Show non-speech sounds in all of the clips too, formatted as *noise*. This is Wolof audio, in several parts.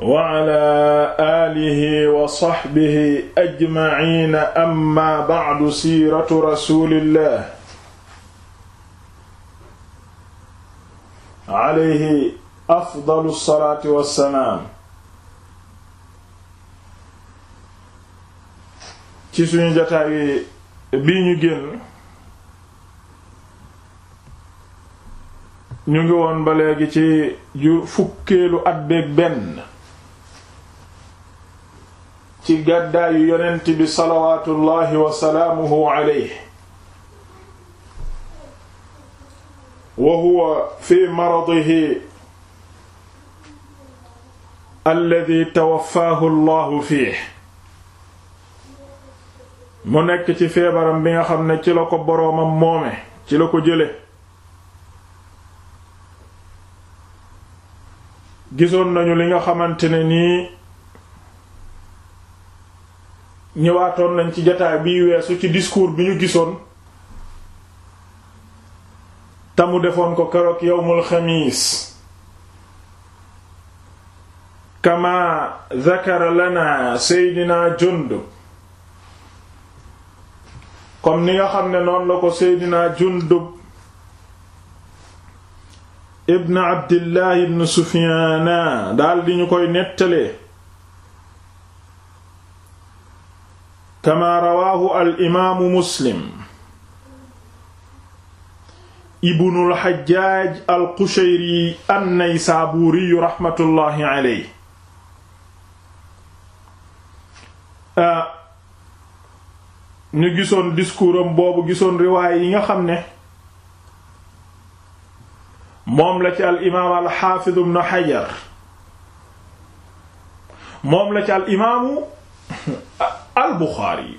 wala alihi wa saxbihi ajmaciina amma bacdu siiratu rasulillah alayhi afdalu salaati wassalaam ci suñu jotaay bii ñu génn ñu ngi woon ba léegi ci ju fukkeelu at beeg benn ci gàddaayu yonent bi salawaatullahi wa salaamuhu alayhi wa huwa fi maradihi alladi tawaffaahu allahu fiih mu nekk ci feebaram bi nga xam ne ci la ko boroomam moome ci la ko jële gisoon nañu li nga xamante ne nii ñëwaatoon nañ ci jataay biy weesu ci discours bi ñu gisoon te mu defoon ko keroog yowmul xamiis kama zakara lana seydina jundub comme ni nga xam ne noonu la ko seydina jundub ibn abdillahi ibn sufiana daal di ñu koy nettalee kama rawaahu al imaamu muslim ibnul xajjaaj al qushayri an naysaabuuri raxmatullaahi aleyhi ah, ñu gisoon discours am boobu gisoon riwaay yi nga xam ne moom la ci al imaam al xaafiz ibnu xajar moom la ci al imaamu al Buxaari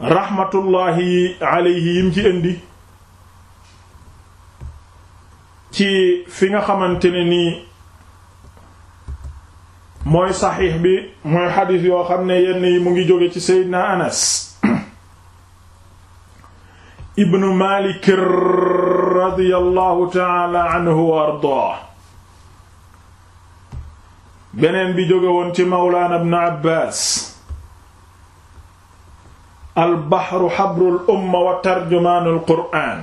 rahmatullahi alayhi yim ci indi ci fi nga xamante ne nii mooy saxiix bi mooy xadis yoo xam ne yenn yi mu ngi joge ci Seydina Anas *clears throat* ibnu Maalik radiyallahu taala anhu beneen bi jóge woon ci Mawlaana ibnu Abbaas al baxru xabrul umma wa tarjumaanul qur'aan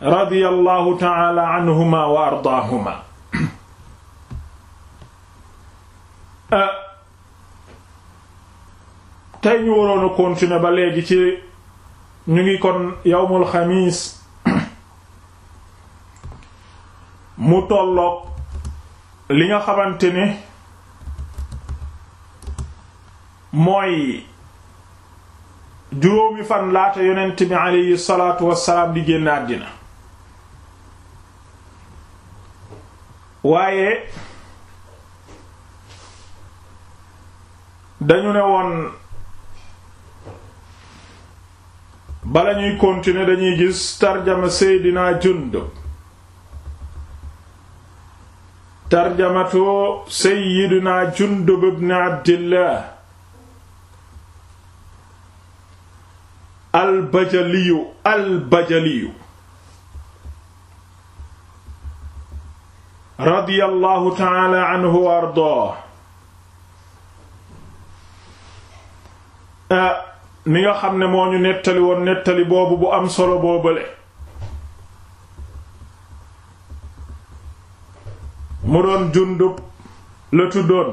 radiyallahu ta'ala anhuma wa ardaahuma *coughs* ah. tey ñu waroon a continuer ba léegi ci ñu ngi kon yawmul xamiis *coughs* mu tolloog li nga xamante ne mooy juróomi fan laata yonent bi aleyhi salaatu wassalaam di génn àddina waaye dañu ne woon bala ñuy continuer dañuy gis tarjama seydina jundub tarjamatu seydina jundub ibn abdillah albajaliyu albajaliyu radiyallahu taala anhu wa ardaa ah, ni nga xam ne moo ñu nettali woon nettali boobu bu am solo boobale mu doon jundub la tuddoon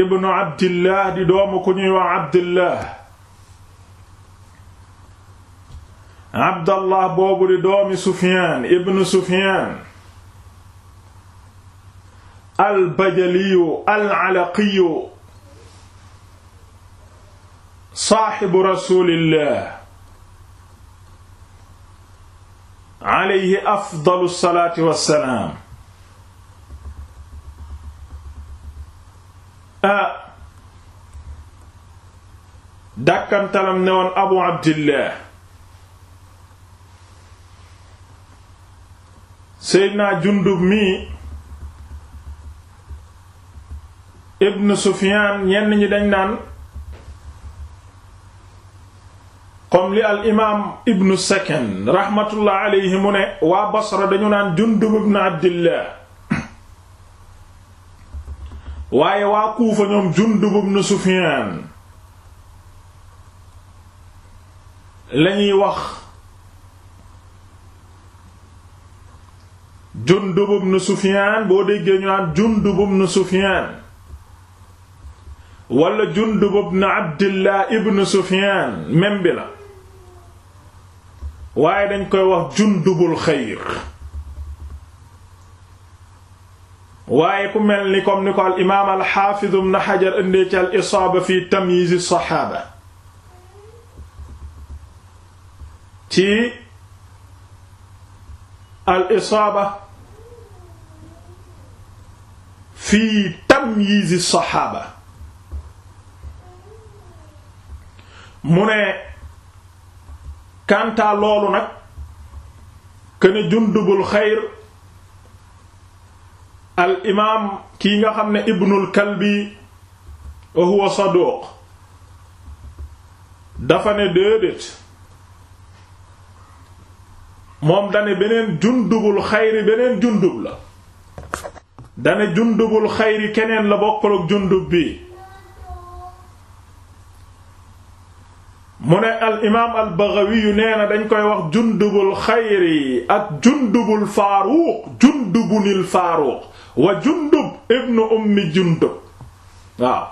ibnu abdillah di doomu ku ñuy wax abdillah abdallah boobu di doomi sufiyaan ibnu sufiyaan albajaliyu alalaqiyu saaxibu rasulillah alayhi afdalu salaatu wassalaam Ah. dàkkantalam ne woon abu abdillah seydna jundub mii ibn sufiyaan ñenn ñi dañ naan comme li al imaam ibn sakan raxmatullah alayhi mu ne waa basra dañu naan jundub ibn abdillah waaye waa Kuufa ñoom Jundub ibn Sufyaan lañuy wax Jundub ibn Sufyaan boo déggee ñu naan Jundub ibn Sufyaan wala Jundub ibn Abdillah ibn Sufyaan même bi la waaye dañ koy wax Jundubul xayr waaye ku mel ni comme ni ko al imaam al xaafiz ibn Hajar indee ci al isaaba fi tamyiz as-saxaaba ci al isaaba fi tamyiz as-saxaaba mu ne kanta loolu nag kene jundubul xayr al imaam kii nga xam ne Ibnul Kalbi wa huwa saduq dafa ne déedéet moom dane beneen jundubul xayri beneen jundub la dane jundubul xayri keneen la bokkul ak jundub bi mu ne al imaam al Baghawi nee na dañ koy wax jundubul xayri ak jundubul faaruuq jundubunil faaruuq wa jundub ibnu ummi jundub waaw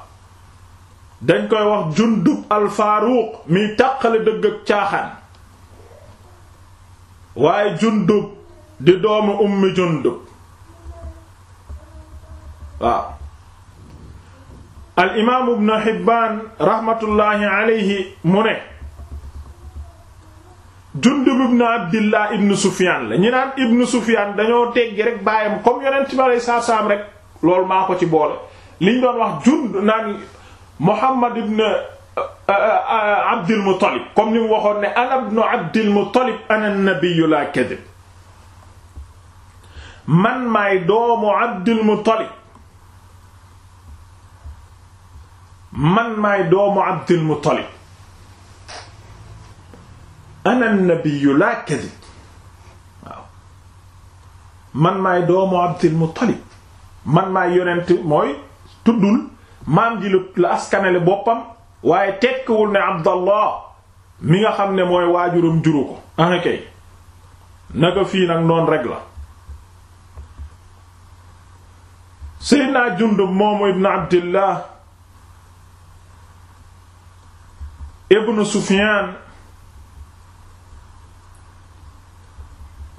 dañ koy wax jundub al faaruuq miy tàqale dëgg ak caaxaan waaye jundub di doomu ummi jundub waaw al imaamu ibn Hibbaan rahmatullahi alayhi mu ne Jundub ibn Abdillah ibn Sufyaan la ñi naan ibn Sufyaan dañoo teggi rek baayam comme yonent bi aleyhi salaatu salaam rek loolu maa ko ci boole liñ doon wax jund naan Muhammad ibn Abdul Muttalib comme ni mu waxoon ne ana ibnu Abdul ana nabiyyu laa kadib man maay doomu Abdul man maay doomu Abdul man maay doomu Abdul Muttalib man maay yonent mooy tuddul maam ji la askanale boppam waaye tekkiwul ne Abdallah mi nga xam ne mooy waajuram juru ko ana kay naka fii nag noonu rek la Seydina Jundub moomu ibn Abdillah ibnu Sufyaan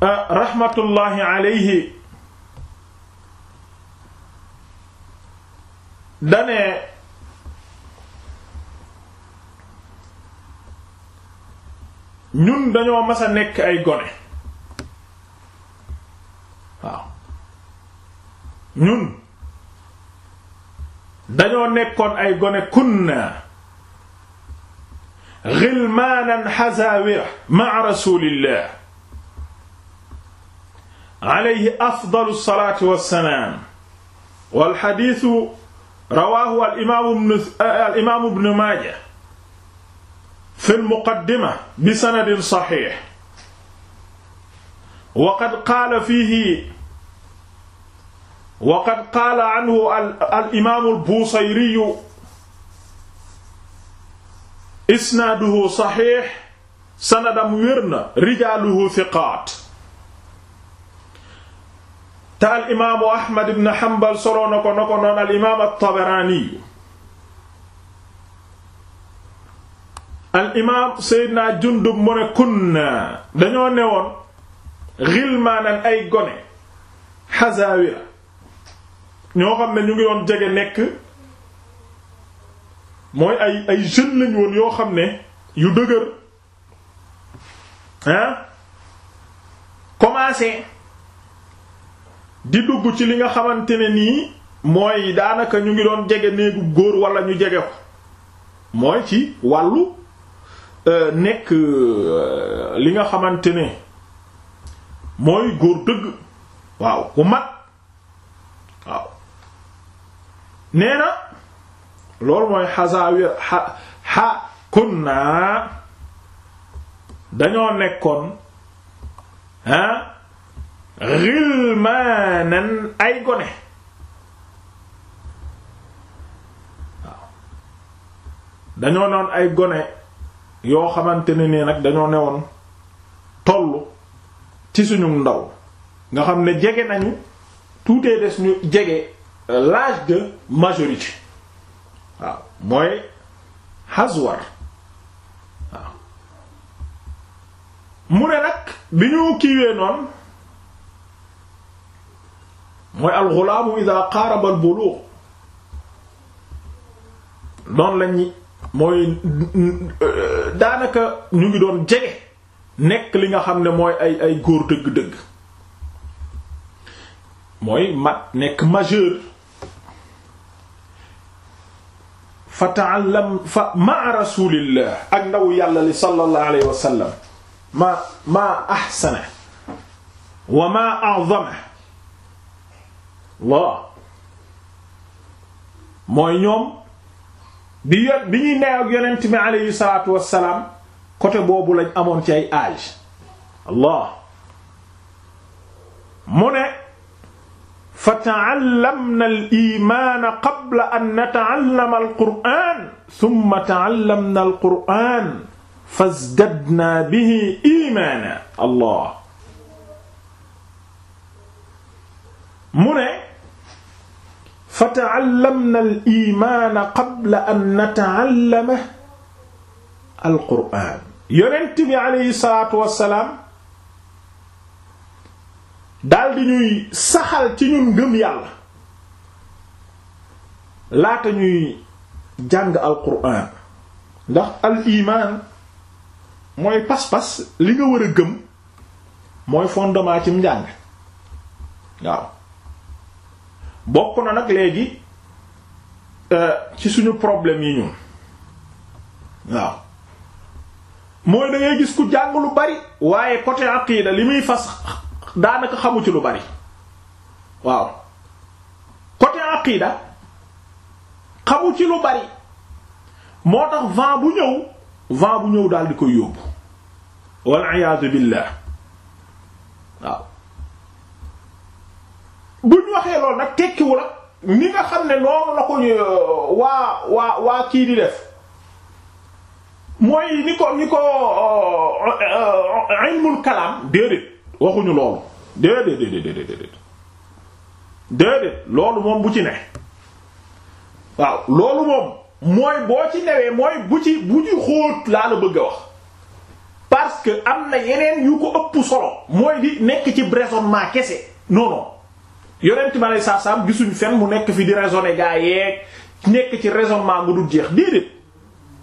ah, raxmatullaahi alayhi dane ñun dañoo mas nekk ay gone waaw ñun dañoo nekkoon ay gone kunna xilmaanan xazaawira ma'a rasulillah alayhi afdalu salaatu wa salaam wal xadiisu rawaahu al imaamu al imaamu bnu Maaja fil muqaddima bi sanadin saxiix waqad qaala fiihi waqad qaala anhu al imaamu al Buusayri isnaaduhu saxiix sanadam wér na rijaaluhu thiqaat al imaamu ahmad ibn hanbal soloo ko na ko noon al imaam al imaam seydina jundub mu ne kunna dañoo ay gone xazaawira ñoo xam ne ñu ngi doon jege nekk mooy ay ay jeunes lañ woon yoo xam ne yu dëgër hein commencé di dugg ci li nga xamante ne nii mooy daanaka ñu ngi doon jege néegu góor wala ñu jege ko mooy ci wàllu euh, nekk euh, li nga xamante ne mooy góor dëgg waaw ku mat waaw nee na loolu mooy xasaawiya xa kun kunna dañoo nekkoon ah nen ay gone waaw dañoo noon ay gone yoo xamante ne nii nag dañoo newoon tollu ci suñu ndaw nga xam ne jege nañu tuutee des ñu jege euh, l'âge de majorité waaw mooy Hazwar waaw mu ne nag bi ñu kiiwee noonu mooy alxulaamu idaa qaaraba albuluux noonu lañ mooy daanaka ñu ngi doon jege nekk li nga xam ne mooy ay ay góor dëgg-dëgg mooy mat nekk majeur fa ta'allam fa ma rasulillah ak ndaw yàlla li sallallahu alayhi wa sallam ma ma ahsana wa ma a'zama la mooy ñoom bi yo bi ñuy neew ak yonent bi alayhi salaatu wassalaam côté boobu lañ amoon ci ay âge Allah mu ne fata'allamna al-iimaana qabla an nata'allama al-qur'aan thumma ta'allamna al-qur'aan fazdadnaa bihi iimaanan Allah mu ne fata'allamna al-iimaana qabla an nata'allama al-qur'aan yonent bi alayhi salaatu wa salaam daldi ñuy saxal ci ñun ngëm yàlla laata ñuy jàng alquran ndax al iman mooy pas-pas li nga war a gëm mooy fondement cim njàng waaw bokk na nag léegi euh, ci suñu problème yi ñun waaw mooy da gis ku jàng lu bari waaye côté aqida li muy fas daanaka xamu ci lu bari waaw côté aqida xamu ci lu bari moo tax vent bu ñëw vent bu ñëw daal di koy yóbbu wal iyaadu billah waaw bu waxee loolu nag tekkiwul ak ni nga xam ne noonu la ko euh, waa waa waa kii di def mooy ni ko ni ko euh, euh, ilmul kalaam déedéet waxuñu loolu déedéet déedéet loolu moom bu ci ne waaw loolu moom mooy boo ci newee mooy bu ci bu ci xóot laa la bëgg a wax parce que am na yeneen yu ko ëpp solo mooy di nekk ci raisonnement kese non non yonent ma lay saam gisuñ fen mu nekk fi di raisonner gaa yee nekk ci raisonnement gu dul jeex déedéet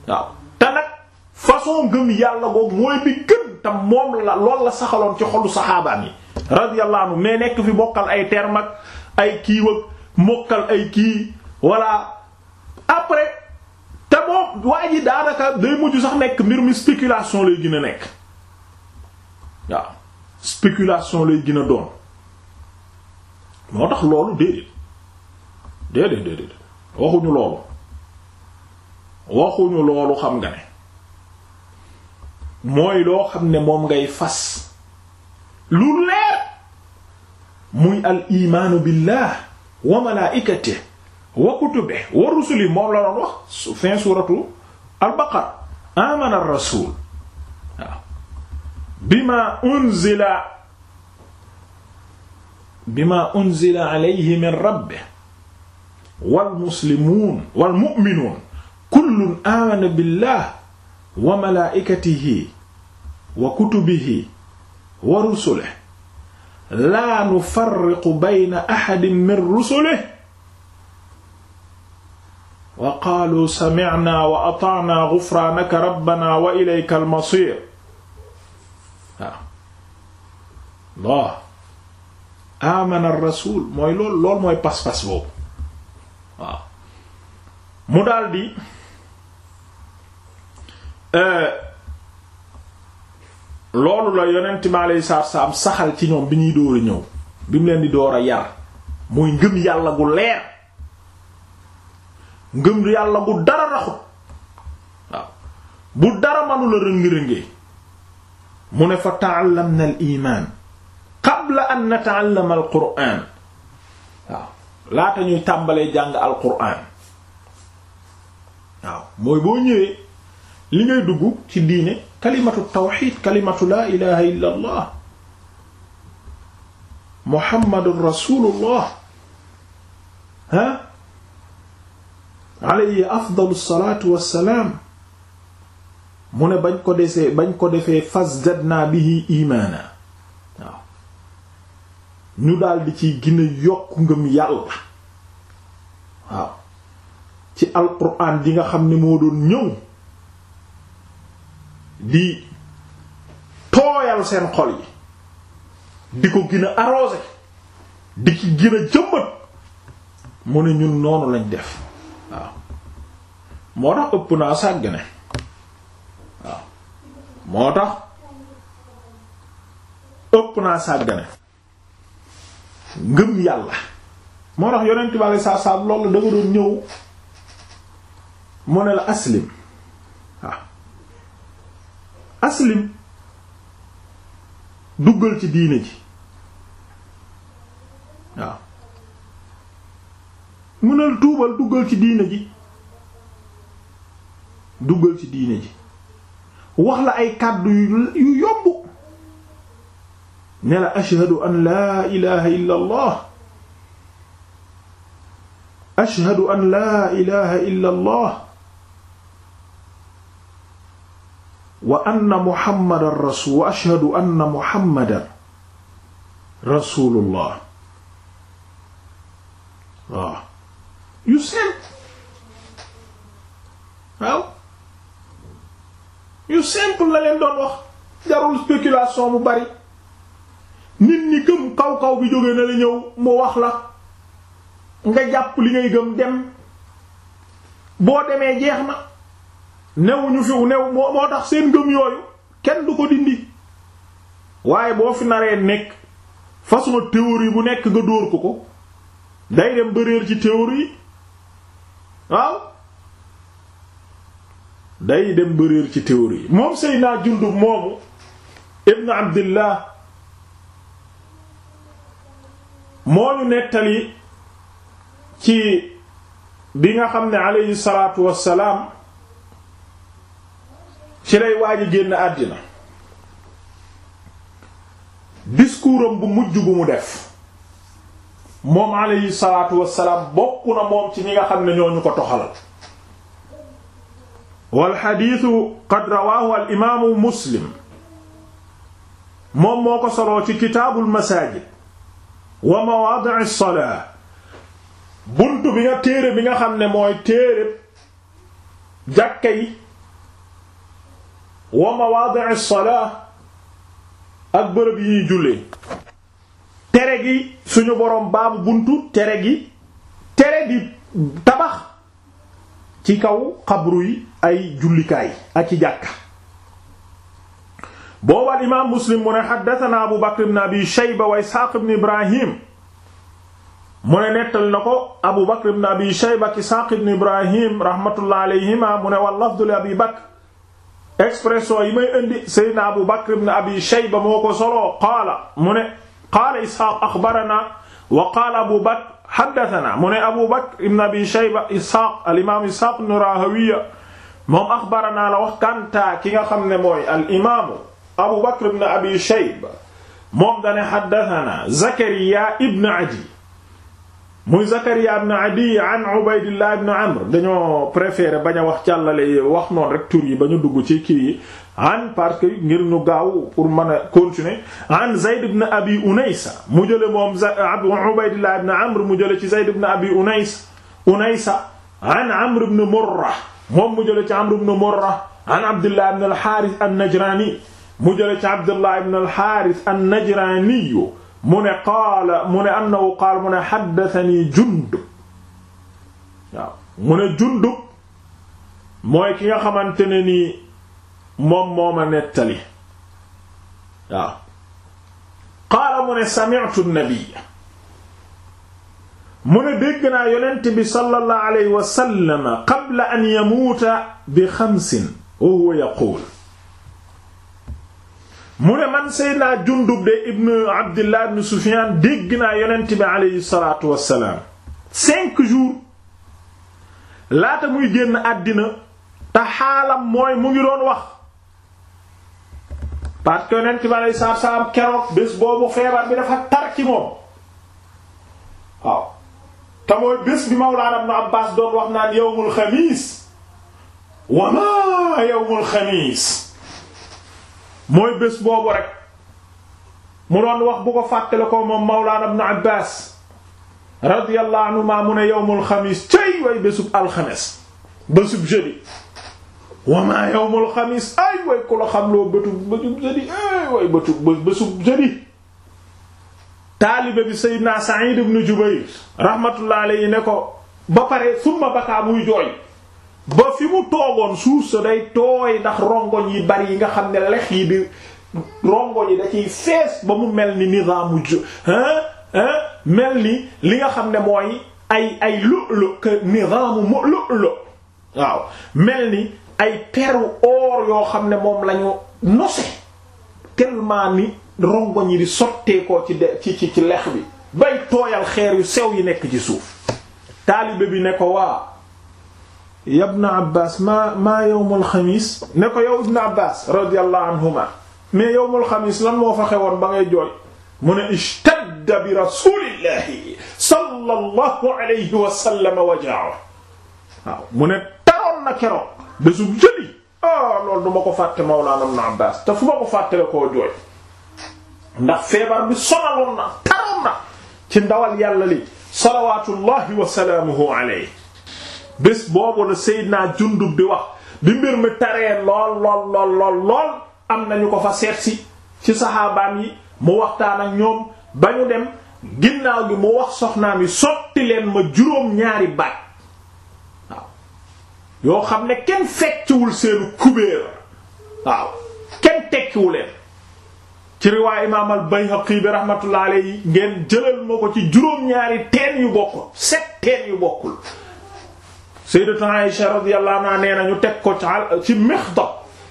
waaw te nag façon gëm yàlla boobu mooy bi gën tam moom la lool la saxaloon ci xolu saxaabaam yi radiyallahu anhu mais nekk fi bokkal ay terme ak ay kiiw ak mokkal ay kii voilà après te moom waa ji daanaka day mujj sax nekk mbir mi spéculation lay gën a nekk waaw spéculation lay gën a doon moo tax loolu déedéet déedéet déedéet waxuñu loolu waxuñu loolu xam nga ne mooy loo xam ne moom ngay fas lu leer muy al imaanu billah wa malaa'ikatihi wa kutubihi wa rusulihi moom la doon wax su fin suuratu al-baqara amana ar-rasuul waaw bima unzila bima unzila alayhi min rabbih wal muslimuun wal mu'minuun kullun amana billah wa malaa'ikatihi wa kutubihi wa rusulihi laa nufarriqu bayna ahadin min rusulihi wa qaalu sami'naa wa ata'naa ghufraanaka rabbanaa wa ilayka al-masiir waaw amana rasul mooy lool lool mooy pas-pas boobu waaw mu daldi Euh, loolu la yonent mi aleyhi salaatu saxal ci ñoom bi ñuy dóor a ñëw bi mu leen di door a yar muy ngëm yàlla gu leer ngëm yàlla gu dara raxut bu dara manula rëngi-rëngee mu ne fa ta'allamna al iman qabla an waaw laata ñuy tàmbalee jàng al qur'an waaw mooy boo ñëwee li ngay dugg ci diine kalimatu tawxid kalimatu laa ilaha illa allah muhammadun rasulullah ha alayhi afdalu salatu wassalaam mu ne bañ ko desee bañ ko defee fazdadna bihi imaana waaw ñu daldi ci gën a yokk ngëm yàlla waaw ci alquran di nga xam ne moo doon ñëw di tooyal seen xol yi di ko gën a di ci gën a jëmbat mu ne ñun noonu lañ def waaw moo tax ëpp naa sàggane waaw moo tax ëpp naa sàggane ngëm yàlla moo tax yonent bi alei saatu salaam loolu dafa doon ñëw mu ne la aslim waaw aslim duggal ci diine ji waaw mënal tuubal duggal ci diine ji duggal ci diine ji wax la ay kàddu yu yomb ne la ashhadu an laa ilaha illa allah ashhadu an laa ilaha illa allah wa anna muhammadan rasul wa ashhadu anna muhammadan ah. waaw yu seen la leen doon wax jarul spéculation bu bari nit ñi këm kaw kaw bi jóge na la ñëw mu wax la nga jàpp li ngay gëm dem boo demee jeex na new ñu fi new moo moo tax seen ngëm yooyu kenn du ko dindi waaye boo fi naree nekk façon théorie bu nekk nga dóor ko ko day dem ba ci théorie waaw day dem ba ci théorie moom Seydina Jundub moomu ibn Abdillah moo ñu nettali ci bi nga xam ne aleyhi salaatu wassalaam ci lay waaji génn àddina discours bu mujj bu mu def moom moom ci ñi nga xam ne ñooñu ko toxalal walxadiisu qad rawaahu al imaamu muslim moom moo ko soloo ci kitaabul masaajid wa mawaadi'i salaa bunt bi nga téere bi nga xam ne mooy téere jàkka wa mawaadi'i salaa ak bërëb yi ñuy jullee tere gi suñu borom baabu buntu tere gi tere gi tabax ci kaw xabru yi ay jullikaay ak ci jàkka boobu al imaam muslim mu ne xaddatanaa abu bakr ibn abi shayba wa isxaaq ibn ibrahim mu ne nettali na ko abu bakr ibn abi shayba isxaaq ibn ibrahim rahmatullah alayhima mu ne wal li abi bakr expression yi may indi Seydina Abu Bakr ibn Abi Shayba moo ko soloo qaala mu ne qaala Isxaaq axbarana wa qaala Abu Bakr haddathana mu ne Abu Bakr ibn Abi Shayba Isxaaq al-imaam Isxaaq ibn Raahawayh moom axbarana la wax kantaa ki nga xam ne mooy al-imaamu Abu Bakr ibn Abi Shayba moom dane haddathana Zakariya ibn Adi muy Zakaria ibn Adi an Ubaydillah ibn Amr dañoo préféré bañ a wax càllale wax noonu rek tur yi ba ñu dugg ci kii yi an parce que ngir ñu gaaw pour mën a continuer an Zayd ibn Abi Unaysa mu jële moom Ubaydillah ibn Amr mu jële ci Zayd ibn Abi Unays Unaysa an Amr ibn Murra moom mu jële ci Amr ibn Murra an Abdullah ibn al-Harith an-Najrani mu jële ci Abdullah ibn al-Harith an-Najrani mu ne qaala mu ne annahu qaala mu ne xaddatani jundub waaw mu ne jundub mooy ki nga xamante ne nii moom mooma nettali waaw qaala mu ne sami'tu nabiyya mu ne dégg naa yonent bi sallallahu alayhi wa sallam qabla an yamuuta bi xamsin wa huwa yaquul mu ne man Seydina Jundub de ibn Abdillah ibn Sufyan dégg naa bi aleyhi salaatu wassalaam cinq jours laata muy génn àddina te xaalam mooy mu ngi doon wax parce que yonent bi aleyhi salaatu wassalaam keroog bés boobu feebar bi dafa tar moom waaw mooy bés bi Mawlaana Ibn Abbaas doon wax naan yawmul xamiis wa maa yawmul mooy bés boobu rek mu doon wax bu ko fàttale ko moom Mawlaana Ibn Abbaas radiyallahu anhuma mu ne yawmul xamiis cëy way bésub alxames bésub jeudi wamaa yawmul xamiis ay way ku la xam loo bëtub bésub jeudi ay way bëtub bésub jeudi taalibe bi Seydina Saïd ibn Jubayr rahmatullahi alayhi ne ko ba pare summa bakaa muy jooy ba fi mu toogoon suuf sa day tooy ndax rongoñ yi bari yi nga xam ne lex yi di rongoñ yi da ciy fees ba mu mel ni nizaamu jo hein hein mel ni li nga xam ne mooy ay ay lu'lu que nizaamu mu lu'lu waaw mel ni ay peru or yoo xam ne moom lañu nose tellement ni rongoñ yi di sotteekoo ci ci lex bi bay tooyal xeer yu sew yi nekk ci suuf taalibe bi ne ko waa ya ibn Abbas maa maa yawmul xamis ne ko yow ibn Abbas radiyallahu anhuma mais yawmul xamis lan moo fa xewoon ba ngay jooy mu ne ishtadda bi rasulillahi sallallahu alayhi wa sallam waja'u waaw mu ne taroon na keroog bésu jëli ah loolu du ma ko fàtte Mawlana ibn Abbas te fu ma ko fàttale koo jooy ndax feebar bi sonaloon na taroon na ci ndawal yàlla li salawatullahi wa salaamuhu alayhi bés boobu la Seydina Jundub di wax bi mbir mi taree lool lool lool lool lool am nañu ko fa seetsi ci saxaabaan yi mu waxtaan ak ñoom ba ñu dem ginnaaw gi mu wax soxnaam yi sotti leen ma juróom-ñaari baat waaw yoo xam ne kenn fecciwul seenu kubéer waaw kenn tekkiwu leen ci riwaay imaam al Bayhaqi bi rahmatullah alayhi ngeen jëlal ma ko ci juróom-ñaari teen yu bokkul sept teen yu bokkul sayyidatu Aisha radiyallahu anha nee na ñu teg ko ci mixdab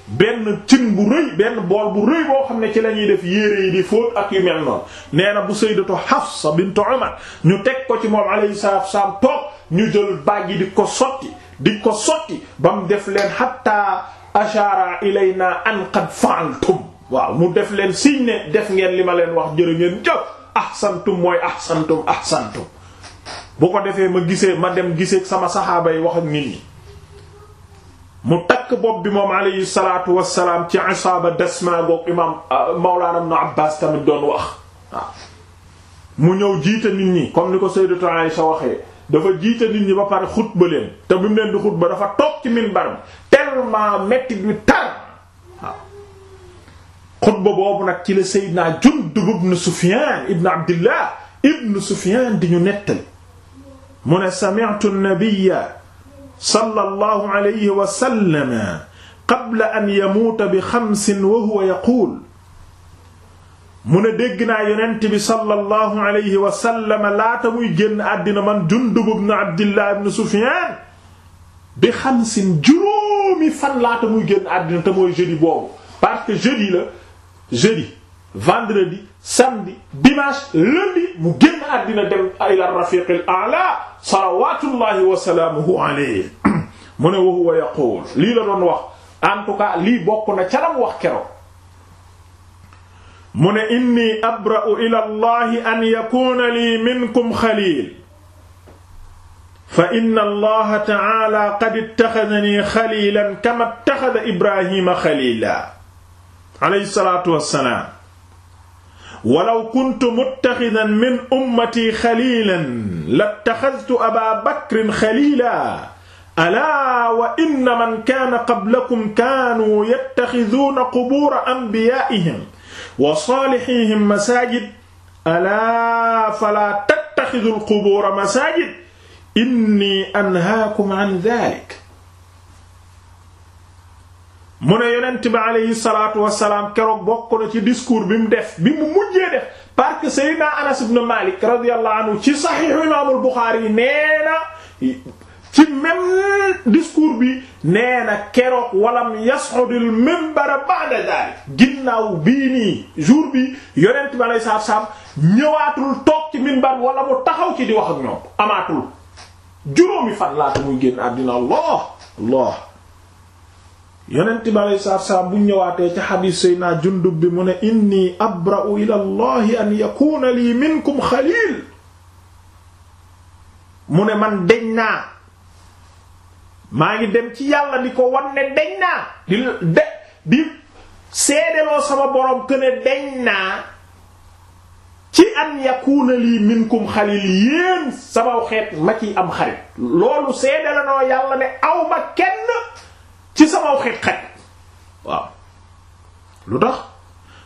benn cin bu rëy benn bool bu rëy boo xam ne ci la ñuy def yére yi di fóot ak yu mel noonu nee na bu sayyidatu Hafsa bint Umar ñu teg ko ci moom alay salaatu wassalaam toog ñu jël baag yi di ko sotti di ko sotti ba mu def leen hatta ashara ilayna an qad fa'altum waaw mu def leen signe ne def ngeen li ma leen wax jër ngeen jëf ahsantum mooy ahsantum ahsantum boo ko defee ma gisee ma dem gisee sama saxaaba yi wax ak nit ñi mu takk bopp bi moom alayhi salaatu wassalaam ci isaaba desma goog imaam euh, mawlaana ibn Abbaas tamit doon wax mu ñëw jiite nit ñi comme ni ko sayyidatu Aisha waxee dafa jiite nit ñi ba pare xutba leen te bi mu leen di xutba dafa toog ci minbar bi tellement metti bi tar xutba boobu nag ci la Seydina Jundub ibn Sufyaan ibn Abdillah ibn Sufyaan di ñu nettali mu ne sami'tu an-nabiyya sallallahu alayhi wa sallam qabla an yamuuta bi xamsin wa huwa yaquul mu ne dégg naa yonent bi sallallahu alayhi wa sallam laata muy génn àddina man Jundub ibn Abdillah ibn Sufyaan bi xamsin juróomi fan laata muy génn àddina te mooy jeudi boobu parce que jeudi la jeudi. vendredi samedi dimanche lundi mu génn àddina dem ila rafiq al a'la salawatullahi wa salaamuhu alayhi *clears throat* mu ne wa huwa yaqul lii la doon wax en tout cas lii bokk na ca lam wax keroog mu ne inni abra'u ila allahi an yakuna li minkum xalil fa inna allaha ta'ala qad ittakhadhani xalilan kama ittakhadha ibrahima xalila alayhi salatu wassalam walaw kuntu muttaxidan min ummati xalilan lattaxadtu aba bakrin xalila alaa wa inna man kaana qablakum kaanuu yattaxiduuna qubuura anbiyaa'ihim wa saalihiihim masaajid alaa falaa tattaxidul qubuura masaajid innii anhaakum an daalik mu ne yonent bi aleyhi salaatu wasalaam keroog bokk ci discours bi mu def bi mu mujjee def parce que Seydina Anas ibn Malik radiyallahu anhu ci saxiixu imaamul Buxaari yi nee na ci même discours bi nee na keroog walam yas'udul minbara ba'da dalik ginnaaw bii nii jour bi yonent bi aleyhi salaatu wasalaam ñëwaatul toog ci minbar wala mu taxaw ci di wax ak ñoom amaatul juróomi fan laata muy génn Allah yonent bi alei saatu bu ñëwaatee ci xadiis sayna jundub bi mu ne inni abra'u ila allahi an yakuna lii minkum xaliil mu ne man deñ naa maa ngi dem ci yàlla di ko wan ne deñ naa di de di seedeloo sama borom këne deñ naa ci an yakuna lii minkum xaliil yéen sama xeet ma ciy am xarit loolu seedelanoo yàlla ne awma kenn ci sama xet xaj waaw lu tax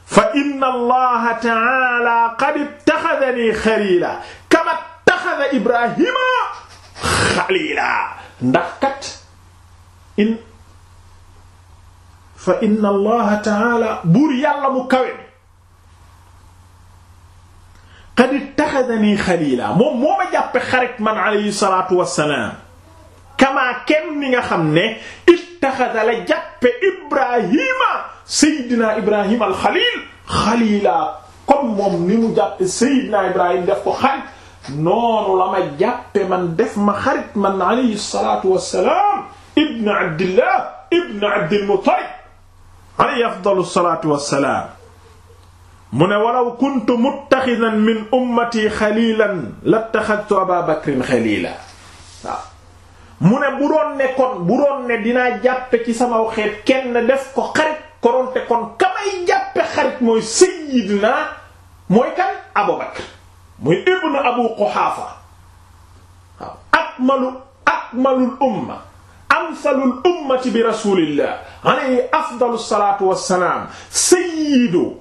fa inna allaha ta'ala qad ittakhadhani khalila kama ittakhadha ibrahima khalila ndax kat in fa inna allaha ta'ala buur yàlla mu kawe qad ittakhadhani khalila moom moo ma jàppe xarit man alayhi salatu wassalam kama kenn ni nga ne ittaxada la jàppe ibrahima seydina ibrahima al xalil xalila comme moom ni mu jàppe seydina ibrahima def ko xarit noonu la ma jàppe man def ma xarit man alayhi salatu wassalam ibn abdillah ibn abdil muttalib alayhi afdalu salatu wassalam mu ne walaw kuntu muttaxidan min ummati xalilan lattaxadtu aba bakrin xalila waaw mu ne bu doon ne kon bu doon ne dinaa jàppe ci sama xeet kenn def ko xarit koronte kon kamay jàppe xarit mooy sayyidina mooy kan Abu Bakr muy ibnu Abu Quhafa waaw akmalu akmalul umma amsalul ummati bi rasulillah alayhi afdalu salatu wassalam sayyidu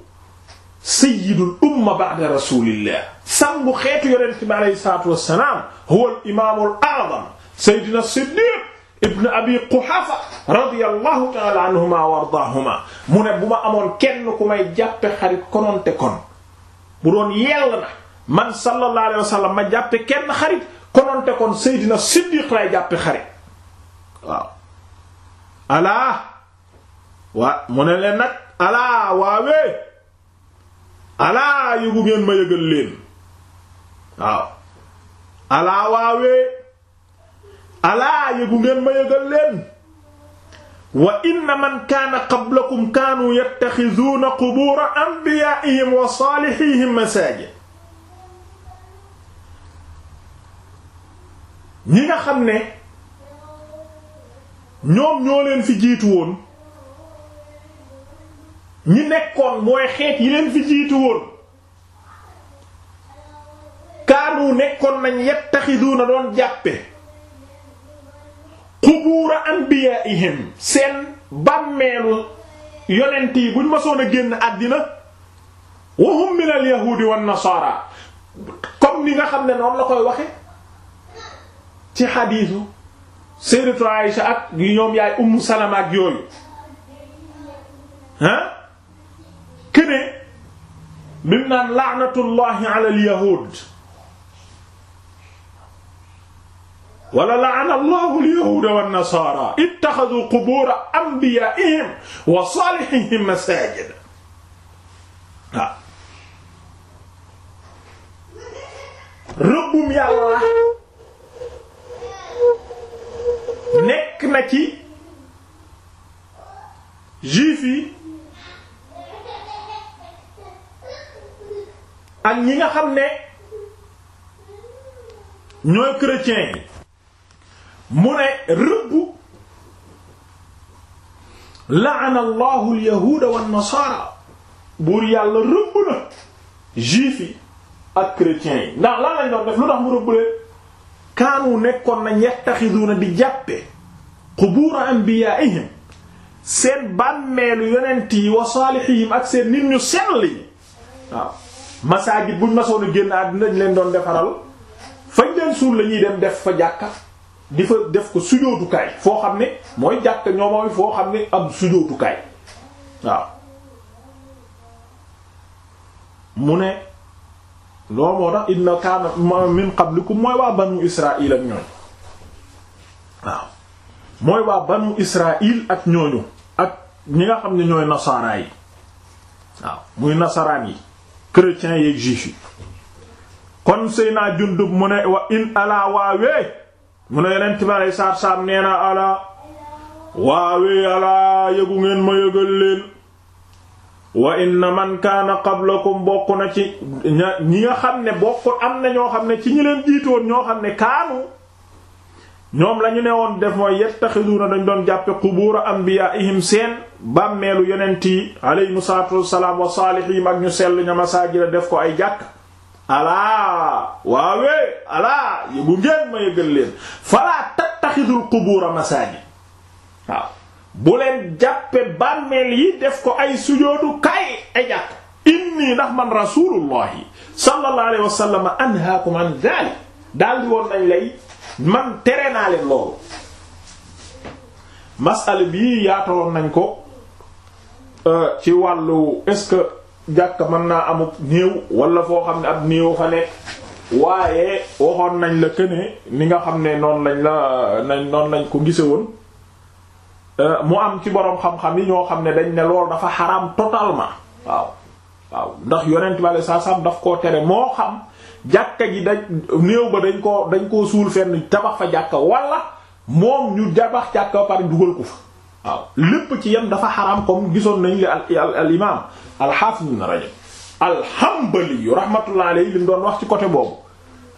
sayyidul umma ba'da rasulillah sangu xeetu yonent bi alayhi salatu wassalam huwa al imamul a'zam Seydina Siddiq ibn Abi Quhafa radiyallahu ta'ala anhuma wa ardaahuma mu ne bu ma amoon kenn ku may jàppe xarit kononte kon bu doon yell na man sallallahu alayhi wa sallam ma jàppe kenn xarit kononte kon Seydina Siddiq lay jàppe xarit waaw alaa waa mu ne leen nag alaa waawee alaa alaa yëgu ngeen ma yëgal leen wa inna man kaana qablakum kaanu yattaxizuuna qubuura anbiyaa'ihim wa saalihihim masaajid ñi nga xam ne ñoom ñoo leen fi jiitu ñi nekkoon mooy xeet yi leen fi jiitu kaanu nekkoon nañ yattaxizuuna doon jàppe xubuura anbiyaa'ihim seen bàmmeelu yonent yi buñ masoon a génn àddina wa hum min al yahuudi wan comme ni nga xam ne noonu la koy waxe ci xadiisu sayyidatu Aïsha ak yi ñoom yooyu ah kene bim naan la'natullahi ala al wala la'ana allahu al-yahuuda wan-nasaara ittaxazuu qubuura anbiyaa'ihim wa saalihihim masaajid waaw rëbbum yàlla nekk na ci juif yi ak ñi nga xam ne ñooy chrétien yi mu ne rëbb laana allahu alyahuuda wannasaara buur yàlla rëbb na juif yi ak chrétiens yi ndax laa lañ doon def lu tax mu rëbb leen kaanu nekkoon nañ yattaxiduuna bi jàppe qubuura anbiyaa'ihim seen bàmmeelu yonent yi wax saalihihim ak seen nit ñu sell yi waaw masaajid buñ masoon a génn àddina ñu leen doon defaral fañ leen suul la ñuy dem def fa jàkka di fa def ko sujootukaay foo xam ne mooy jàkk ñoomooy foo xam ne am sujootukaay waaw mu ne loolu moo tax inna kaana min qablikum mooy waa banu israil ak ñooñu waaw ak ñooñu ak ñi nga xam ne ñooy nasaraa yi waaw muy nasaraan yi chrétiens yeeg juifs yi kon sëy naa jundub mu ne wa in ala waawee mu ne yeneen tibaray saar-saar nee na ala waawee alaa yëgu ngeen ma yëgal leen wa na man kaana ko bokk na ci ñi nga xam ne bokk am na ñoo xam ne ci ñu leen jiitoon ñoo xam ne kaanu ñoom lañu ñu ne woon def mooy yettaxiduuna dañ doon jàppe qubuura anbiyaa'ihim seen bàmmeelu yonent yi aleyhimu salaatu wassalaam wa saalihiim ak ñu sell ña masaajida def ko ay jàkk alaa waawee alaa bu ngeen ma yëgal leen falaa tattaxidul qubuura masaajid waaw bu leen jàppe bàmmeel yi def ko ay sujoodu kay ay inni ndax man rasuulullahi sallallahu alayhi wasallam anhaakum an daalik daal di woon lay man tere naa leen loolu masala bii yaataloon nañ ko euh, ci wàllu est-ce jàkka mën naa amuk néew walla foo xam ne ab néew fa nekk waaye waxoon nañ la këne ni nga xam ne noonu lañ la noon lañ ko gise woon euh, mu am ci boroom xam-xam yi ñoo xam ne dañ ne loolu dafa xaraam totalement waaw waaw ndax yonent bale saa sam daf koo tere moo xam jàkka ji dañ néew ba dañ ko dañ koo suul fenn tabax fa jàkka walla moom ñu jabax jàkka ba pare dugal ko fa waaw lépp ci yem dafa xaraam comme gisoon nañ li al al imaam al-Hafiz ibn Rajab al-Hanbali rahmatullahi li mu doon wax ci côté boobu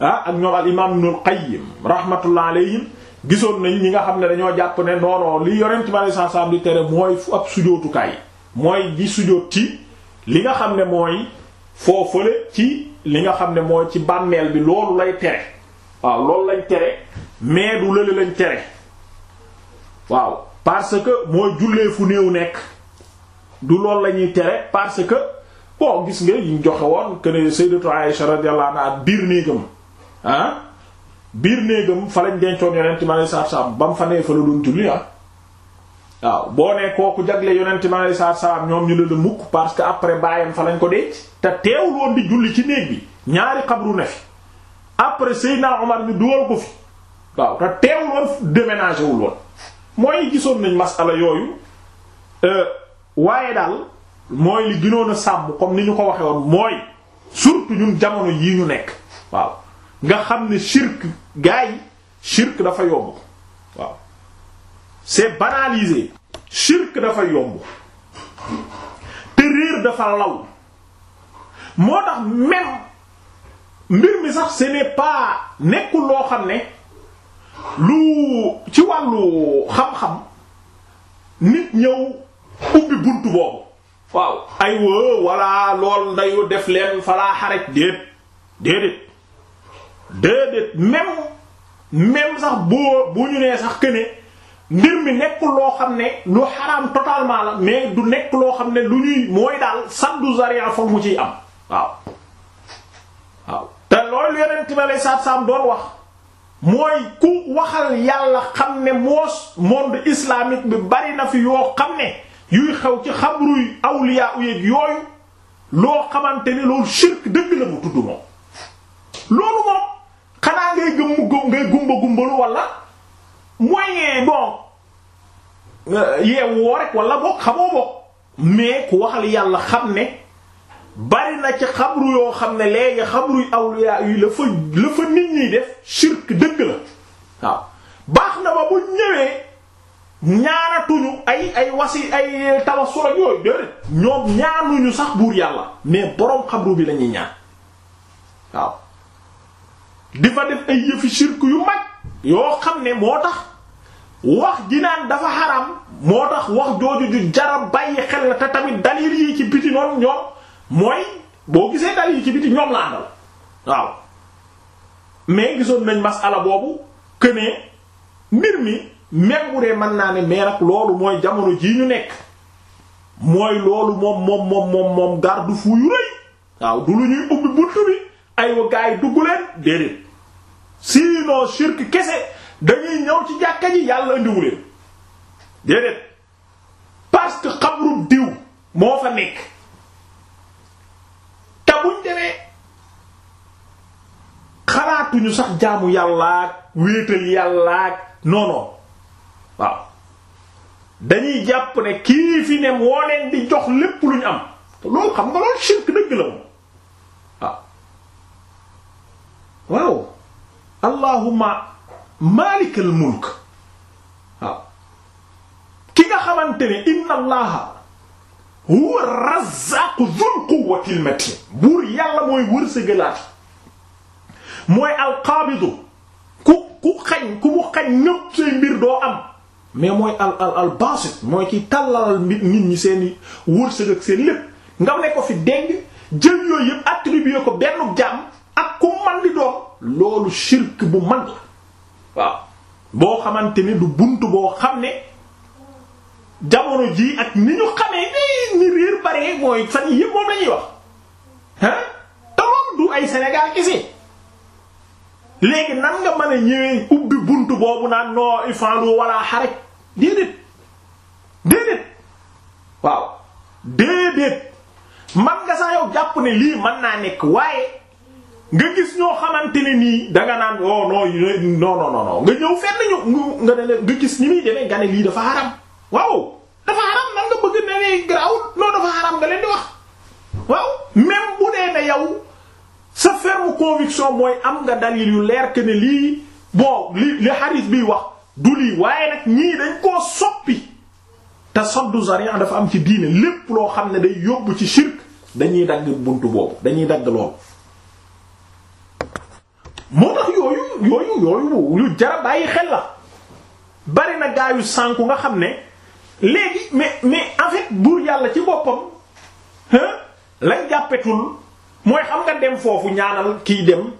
ah ak ñoom al imam Ibn al-Qayyim rahmatullahi alayhim gisoon nañ ñi nga xam ne dañoo jàpp ne non non li Yonent bi sallallahu alayhi di tere mooy fu ab sujootukaay mooy di sujoot ci li nga xam ne mooy foofale ci li nga xam ne mooy ci bàmmeel bi loolu lay tere waaw loolu lañ tere mais du lële lañ tere waaw parce que mooy jullee fu néew nekk. du lool la ñuy tere parce que bon gis nga yiñ joxe woon que ne Sayyidatu Aisha radiyallahu anha biir néegam ah biir néegam fa lañ dencoon yonent mi aleyhi salaatu ba mu fa nee fa la doon julli ah waaw boo ne kooku jagle yonent mi aleyhi salaatu ñoom ñu la la mukk parce que après baayam fa lañ ko denc te teewul woon di julli ci néeg bi ñaari xabru ne fi après Seydina Omar bi duwal ko fi waaw te teewul woon déménagé woon mooy gisoon nañ masala yooyu. Euh, waaye daal mooy li gënoon a sàmm comme ni ñu ko waxe woon mooy surtout ñun jamono yi ñu nekk waaw nga xam ne shirk gaa yi shirk dafa yomb waaw c'est banalisé shirk dafa yomb te réer dafa law moo tax même mbir mi sax ce ne paa nekkul loo xam ne lu ci wàllu xam-xam nit ñëw ubbi buntu boobu waaw ay wa walla lool ndayu def leen falaa xaraj déet déedéet déedéet même même sax boo bu ñu nee sax këne mbir mi nekk loo xam ne lu xaraam totalement la mais du nekk loo xam ne lu ñuy mooy daal saddu zaria foog mu ciy am waaw waaw te loolu yonent ma lay saat doon wax mooy ku waxal yàlla xam ne moos monde islamique bi bari na fi yoo xam ne yuy xew ci xabruy awliya yeeg yooyu loo xamante ni loolu shirk dëgg la mu tudd moom loolu moom xanaa ngay gëmm ngay gumba gumbalu wala moyen bon euh, yeewoo rek wala boog xamoo boog mais ku waxal yàlla xam ne bari na ci xabru yoo xam ne léegi xabruy awliya yi la fa la fa nit ñi def shirk dëgg la baax na ba bu ñëwee ñaanatuñu ay ay wasi ay tawassul ak yooyu ñoom ñaanuñu sax buur yàlla mais boroom xabru bi lañuy ñaan waaw di fa def ay yëfi sirk yu mag yoo xam ne moo tax wax ji dafa xaram moo tax wax jooju ju jara bàyyi xel la te tamit dalil yi ci biti noonu ñoom mooy boo gisee dalil yi ci biti ñoom laa àndal waaw mais gisoon nañ masala boobu que ne mi même bu mën naa ne mais loolu mooy jamono jii ñu nekk mooy loolu moom moom moom moom moom garde-fou yu rëy waaw du lu ñuy ubbi bunt bi aywa gars yi dugg leen déedéet sinon shirk kese dañuy ñëw ci jàkka ji yàlla indiwu leen déedéet parce que xabru diw moo fa nekk te buñ demee xalaatuñu sax jaamu yàllaak wéetal yàllaak non waaw dañuy jàpp ne kii fi ne moo leen di jox lépp lu ñu am te loolu xam nga loolu shirk dëgg la moom waaw waaw allahumma maalikal mulk waaw ki nga xamante ni inna allaha huwa razzaqu dhul quwwatil matin buur yàlla mooy wërsëgalaat mooy alqaabidu ku ku xañ ku mu xañ ñëpp say mbir doo am mais mooy al al al basit mooy ki tàllalal nit ñi seeni wërsëg ak seen lépp nga ne ko fi dégg jël yooyu yëpp at attribuer ko benn jàmm ak ku man di doom loolu shirk bu mag la waaw boo xamante ni du bunt boo xam ne jamono jii ak ni ñu xamee ni ni réer bare mooy fan yëpp moom lañuy wax hein toroom du ay Sénégal kese léegi nan nga mën a ñëwee ubbi buntu boobu naan noo ifaalu wala xaraj déedéet déedéet waaw déedéet man nga sax yow jàpp ne lii mën naa nekk waaye nga gis ñoo xamante ne nii danga naan oh non non nga ñëw fenn ñu nga ne nga gis ni muy demee nga lii dafa haram waaw dafa haram nan nga bëgg ne ne garaawul non dafa haram nga leen di wax waaw même bu dee ne yow. sa ferme conviction mooy am nga dalil yu leer que ne lii bon li li xaris biy wax du lii waaye nag ñii dañ koo soppi te saddu zari'a dafa am ci diine lépp loo xam ne day yóbbu ci shirk dañuy dagg buntu boobu dañuy dagg lool. moo tax yooyu yooyu yooyu lu jara bàyyi xel la bari na gaayu sànku nga xam ne léegi mais mais en buur yàlla ci boppam hein lañ jàppetul mooy xam nga dem foofu ñaanal kiy dem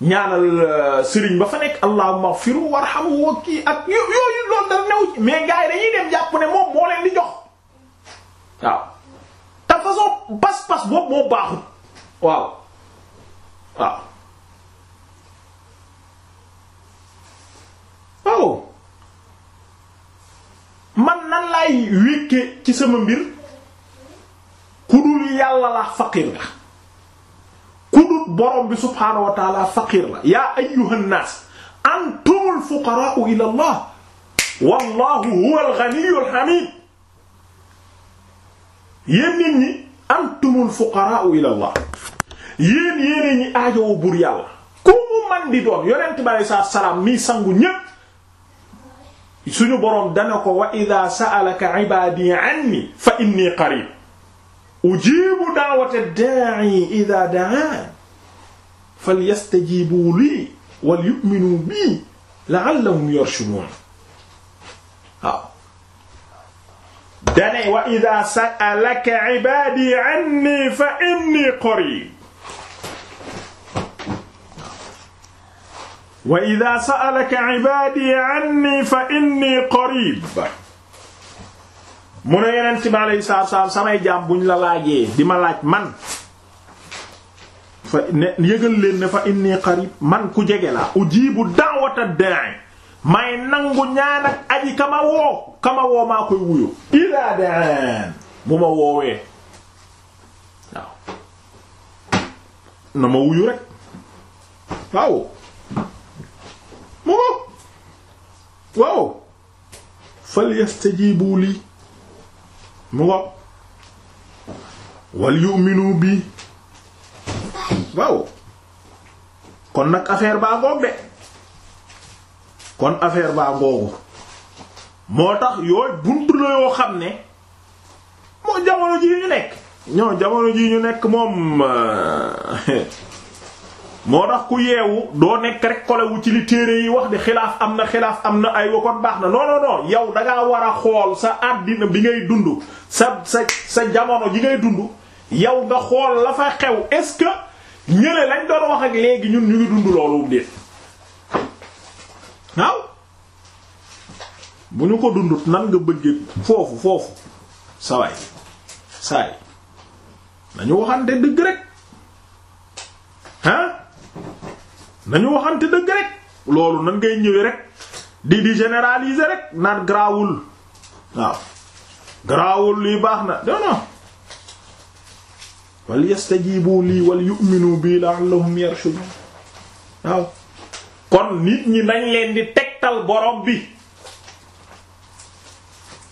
ñaanal euh, sëriñ ba fa nekk allahumma firu warhamu wa kii ak yooyu loolu dara new ci mais gars yi dañuy dem jàpp ne moom moo leen di jox waaw te façon pas boobu moo baaxut waaw waaw oh. man nan laay wékkee ci sama mbir ku dul yàlla la faqir nga ku dut borom bi subhaanahu wa taala faqir la yaa ayyuhan naas antumul fuqaraa'u ila allah wallahu huwal ghaniyyul hamiid yéen nit ñi antumul fuqaraa'u ila allah yéen yéen ñi aajowoo buur yàlla ku mu man di doon yonent bi alayhi salaatu salaam mii sangu ñépp suñu boroom dana ko wa idaa sa'alaka ibaadii anni fa innii qariib ujibu daawata da'i idha da'an falyastajibu lii wal yu'minu bi la'allahum yarshudun waaw dane wa idha sa'alaka ibadi anni fa inni qarib wa idha sa'alaka ibadi anni fa inni qarib mu ne yeneen si ma lay saar saar samay jaam buñ la laajee di ma laaj man fa ne yëgal leen ne fa inni qarib man ku jege laa ujibu da'wata da'i may nangu ñaan ak aji kama woo maa koy wuyu ila da'an bu ma woowee na ma wuyu rek waaw mu waaw fal yastajibu lii mu ngo wal yu'minu bi waaw kon nag affaire baa ngoog de kon affaire baa ngoogu moo tax yooyu bunt la yoo xam ne moo jamono ji ñu nekk ñoo jamono ji ñu nekk moom euh, *laughs* moo tax ku yeewu doo nekk rek kolewu ci li téere yi wax di xilaaf am na xilaaf am na ay wakoon baax na non non non yow da ngaa war a xool sa àddina bi ngay dund sa sa sa jamono ji ngay dund yow nga xool la fa xew est-ce que ñële lañ doon wax ak léegi ñu ngi dund loolu déet waaw bu ñu ko dundut nan nga bëggee foofu foofu sawaay saay nañu waxante dëgg rek nañu waxante dëgg rek loolu nan ngay ñëwee rek di di généraliser rek naan grawul waaw grawul lii baax na non non wal yastajibu lii wal yu'minu bi la'allahum yarshudun waaw kon nit ñi nañ leen di tegtal boroom bi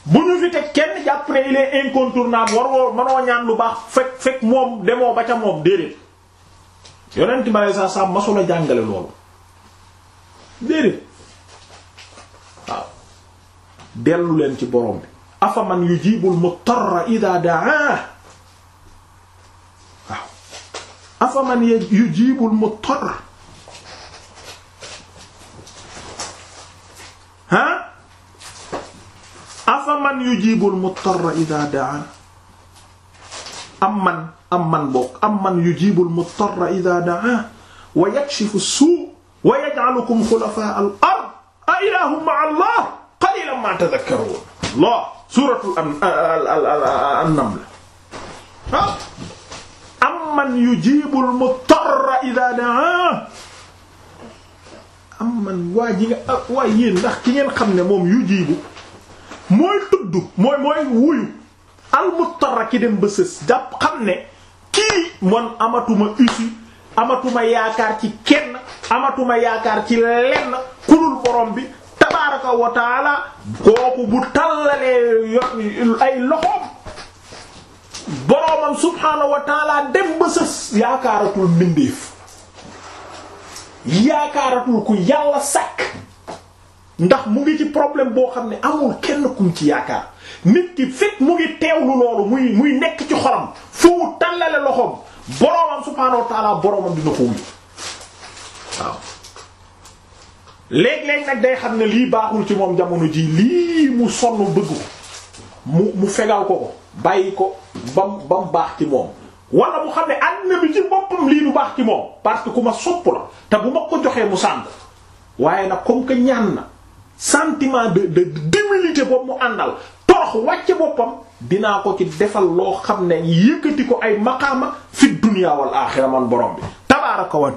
bu ñu fi teg kenn jàpp ne il est incontournable waroo mënoo ñaan lu baax fekk fekk moom demoo ba ca moom déedéet yonent ma ne saa saa masul jàngale loolu déedéet waaw dellu leen ci borom bi afaman yujibul muttarra idha da'ah waaw afaman yujibul muttarra ha afaman yujibul muttarra da'ah amman am man bokk am man yujibul muttarra idha da'aa wa yakshifu suu wa yaj'alukum khulafaa al ard a ilaahum ma'a allah qalilan ma tadhakkarun Allah suuratul an-naml am man yujibul muttarra idha da'aa am man waa ji nga ak waa yéen ndax ki ngeen xam ne moom yujibu mooy tudd mooy mooy wuyu al muttarra ki dem ba sës jàpp xam ne kii man amatuma usi amatuma yaakaar ci kenn amatuma yaakaar ci lenn ku borom bi tabaaraka wa kooku bu tallalee ay loxoom boromam subhaanahu wa taala dem ba sës yaakaaratul mbindeef yaakaaratul ku yàlla sàkk ndax mu ngi ci problème boo xam ne amul kenn kum ci yaakaar nit ki fekk mu ngi teewlu loolu muy muy nekk ci xolam fu mu tàllale loxoom boroomam subhaanahu wa taala boroomam dina ko wuyu waaw léeg-léeg nag day xam ne lii baaxul ci moom jamono ji lii mu sonn bëgg ko mu mu ko ko bàyyi ko bam bam baax ci moom wala mu xam ne àddina bi ci boppam lii du baax ci moom parce que ku ma sopp la te bu ma ko joxee mu sànk waaye nag comme que ñaan na sentiment de dë d'humilité boobu mu àndal torox wàcce boppam dinaa ko ci defal loo xam ne yëkkati ko ay maqaama fi dunya wal man borom bi tabaraka wa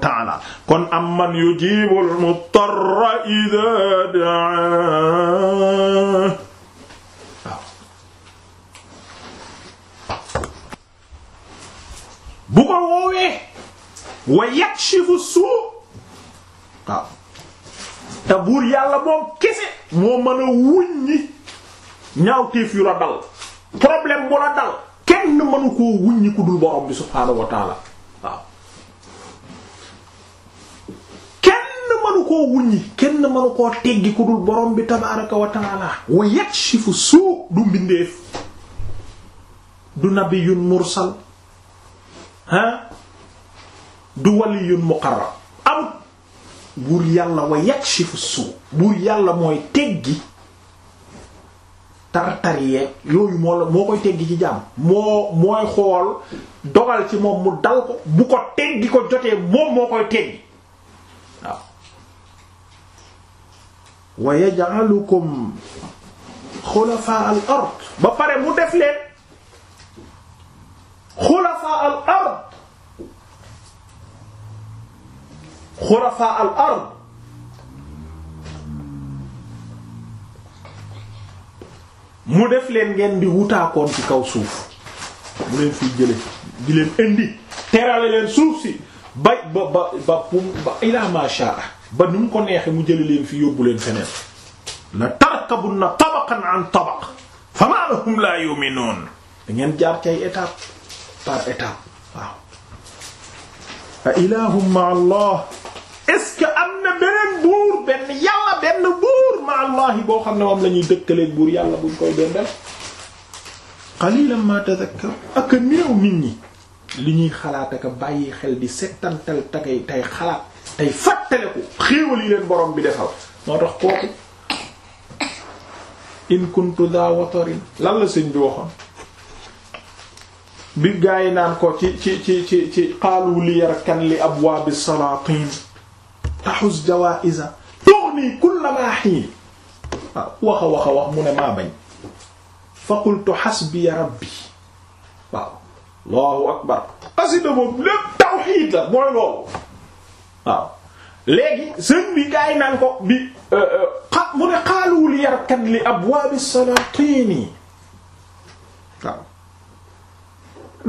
kon am man yujibul mutarra idha daa bu ko woowee wa yakshifu waaw te buur yàlla moom kese moo mën a wuññi ñaaw téef yu la dal problème bu la dal kenn mënu koo wuññi ku dul borom bi subhaanahu wa taala waaw kenn mënu koo wuññi kenn mënu koo teggi ku dul borom bi tabaaraka wa taala wa yakshifu du mbindeef du nabiyun mursal ha du waliyun muqarrab amut buur yàlla wa yakshifu suu buur yàlla mooy teggi tar-tar yeeg yooyu moo la moo koy teggi ci jàmm moo mooy xool dogal ci moom mu dal bu ko teggi ko jotee moom moo koy teggi waaw wa yaj'alukum xulafaa al ba pare mu def leen xulafaa al xulafaa al mu def leen ngeen di wutaakoon ci kaw suuf mu leen fiy jële di leen indi terale leen suuf si ba ba ba ba ilaa ma shaa ba nu mu ko neexee mu jële leen fi yóbbu leen feneen la tarkabunna tabaqan an tabaq fama lahum la yu'minun dangeen jaar ci ay étape par waaw a ilahum ma allah est am na beneen buur benn yàlla benn buur ma'allahi boo xam ne moom la ñuy dëkkaleeg buur yàlla buñ koy dendal qalilan ma tadhakkar ak néew nit ñi li ñuy xalaat ak bàyyi xel di settantal takay tey xalaat tey fàttaleku xéewal yi leen borom bi defal moo tax kooku in kuntu da watarin lan la sëñ bi waxoon gaa yi naan ko ci ci ci ci ci qaalu li yarkan li abwaabi salaatin tahuz jawaa'iza tughni kullama hiin waaw wax a wax a wax mu ne maa bañ fa qultu hasbiya rabbi waaw allahu akbar xasida moom lépp tawxiid la mooy loolu waaw léegi sën bi gaa yi naan ko bi euh, euh, xa mu ne xaaluwul yarkan li abwaabi salaatini waaw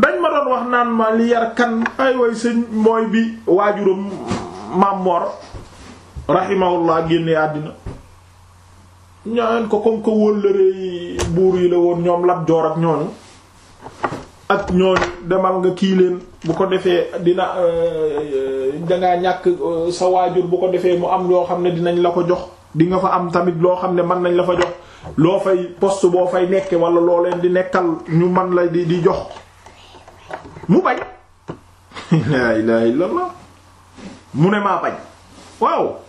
dañ ma doon wax naan ma li yarkan ay way sëñ mooy bi waajuram Mamor rahimahullah génne àddina ñaan ko comme que wóllëree buur yi la woon ñoom lab joor ak ñooñu ak ñooñu demal nga kii leen bu ko defee dina euh, euh, dangaa ñàkk euh, sa waajur bu ko defee mu am loo xam ne dinañ la ko jox di nga fa am tamit loo xam ne mën nañ la fa jox loo fay poste boo fay nekkee wala loo leen di nekkal ñu man la di di jox mu bañ laa *laughs* ilaha illallah mu ne maa bañ waaw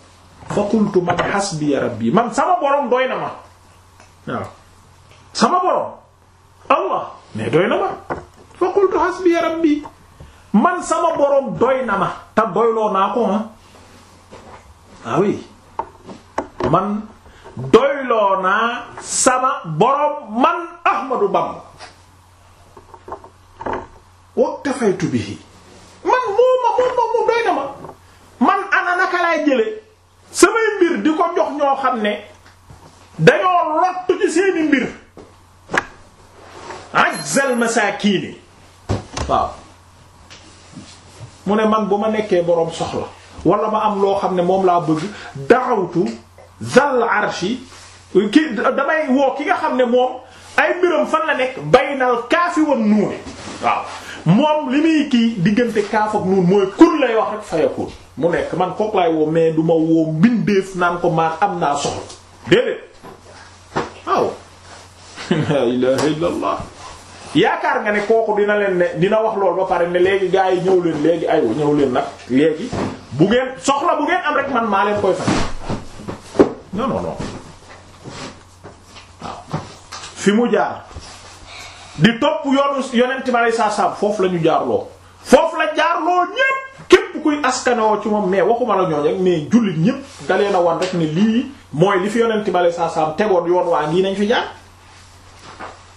fa qultu man hasbiya rabbi man sama borom doy na ma waaw sama borom allah mais doy na ma fa qultu hasbiya rabbi man sama borom doy na ma te doyloo naa ko ma ah. ah oui man doyloo naa sama borom man Ahmadu Bamba waktafaytu bihi man moom ma moom doy na ma man ana naka laay jële samay mbir di ko jox ñoo xam ne dañoo lott ci seeni mbir ajzal masaakiini waaw mu ne man bu ma nekkee boroom soxla walla ma am loo xam ne moom laa bëgg daxawtu zal arshi ki damay woo ki nga xam ne moom ay mbiram fan la nekk baynal kaafi wan nuuni waaw moom li muy kii diggante kaaf ak nuun mooy kun lay wax rek fayakun mu nekk man kook laay woo mais du ma woo mbindeef naan ko maan am naa soxla déedéet waaw *laughs* la ilaha illallah yaakaar nga ne kooku dina leen ne dina wax lool ba pare ne léegi gaa yi ñëw leen léegi aywa ñëw leen nag léegi bu ngeen soxla bu ngeen am rek man maa leen koy faj non waaw fi mu jaar di topp yoonu yonent bi aleyhi salaam foofu la ñu jaarloo foofu la jaarloo ñépp képp kuy askanoo ci moom mais waxuma la ñooñ rek mais jullit ñépp dalee na wan rek ne lii mooy li fi yonenti bale saa saam tegoon yoon waa ngi nañ fi jaar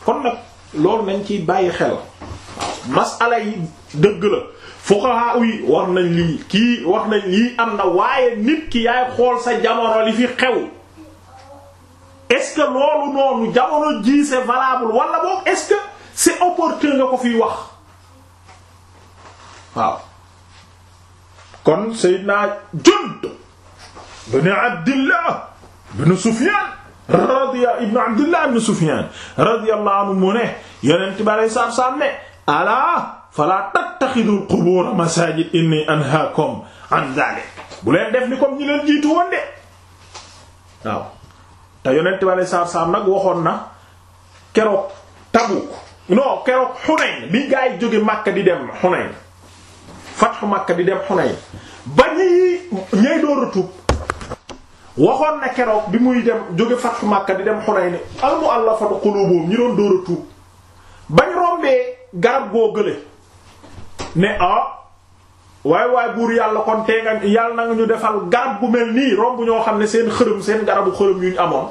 kon nag loolu nañ ciy bàyyi xel waaw masala yi dëgg la fuqaha yi war nañ lii kii wax nañ lii am na waaye nit ki yaay xool sa jamono li fi xew est-ce que loolu noonu jamono ji c'est valable wala boog est-ce nga ko fiy wax waaw kon Seydina Jund ibn Abdillah ibn Sufyan radiya ibn Abdillah ibn Sufyan radiyallahu anhu mu ne tattaxidu qubuura masaajid inni anhaakum an zaalik bu leen def ni comme jiitu woon de waaw te yonent bi alei saatu salaam nag waxoon na keroog Tabuk non keroog Hunayn bi gaa yi Makka di dem Hunayn fatxu Makka di dem Xunayn ba ñi ñay door waxoon na keroog bi muy dem jóge fatxu Makka di dem Xunayn al mu'allafatu qulubuhum ñi doon door a bañ rombee garab goo gële ne ah waaye waaye buur yàlla kon tee nga yàlla ñu defal garab bu mel nii romb ñoo xam ne seen xërëm seen garabu xërëm yu ñu amoon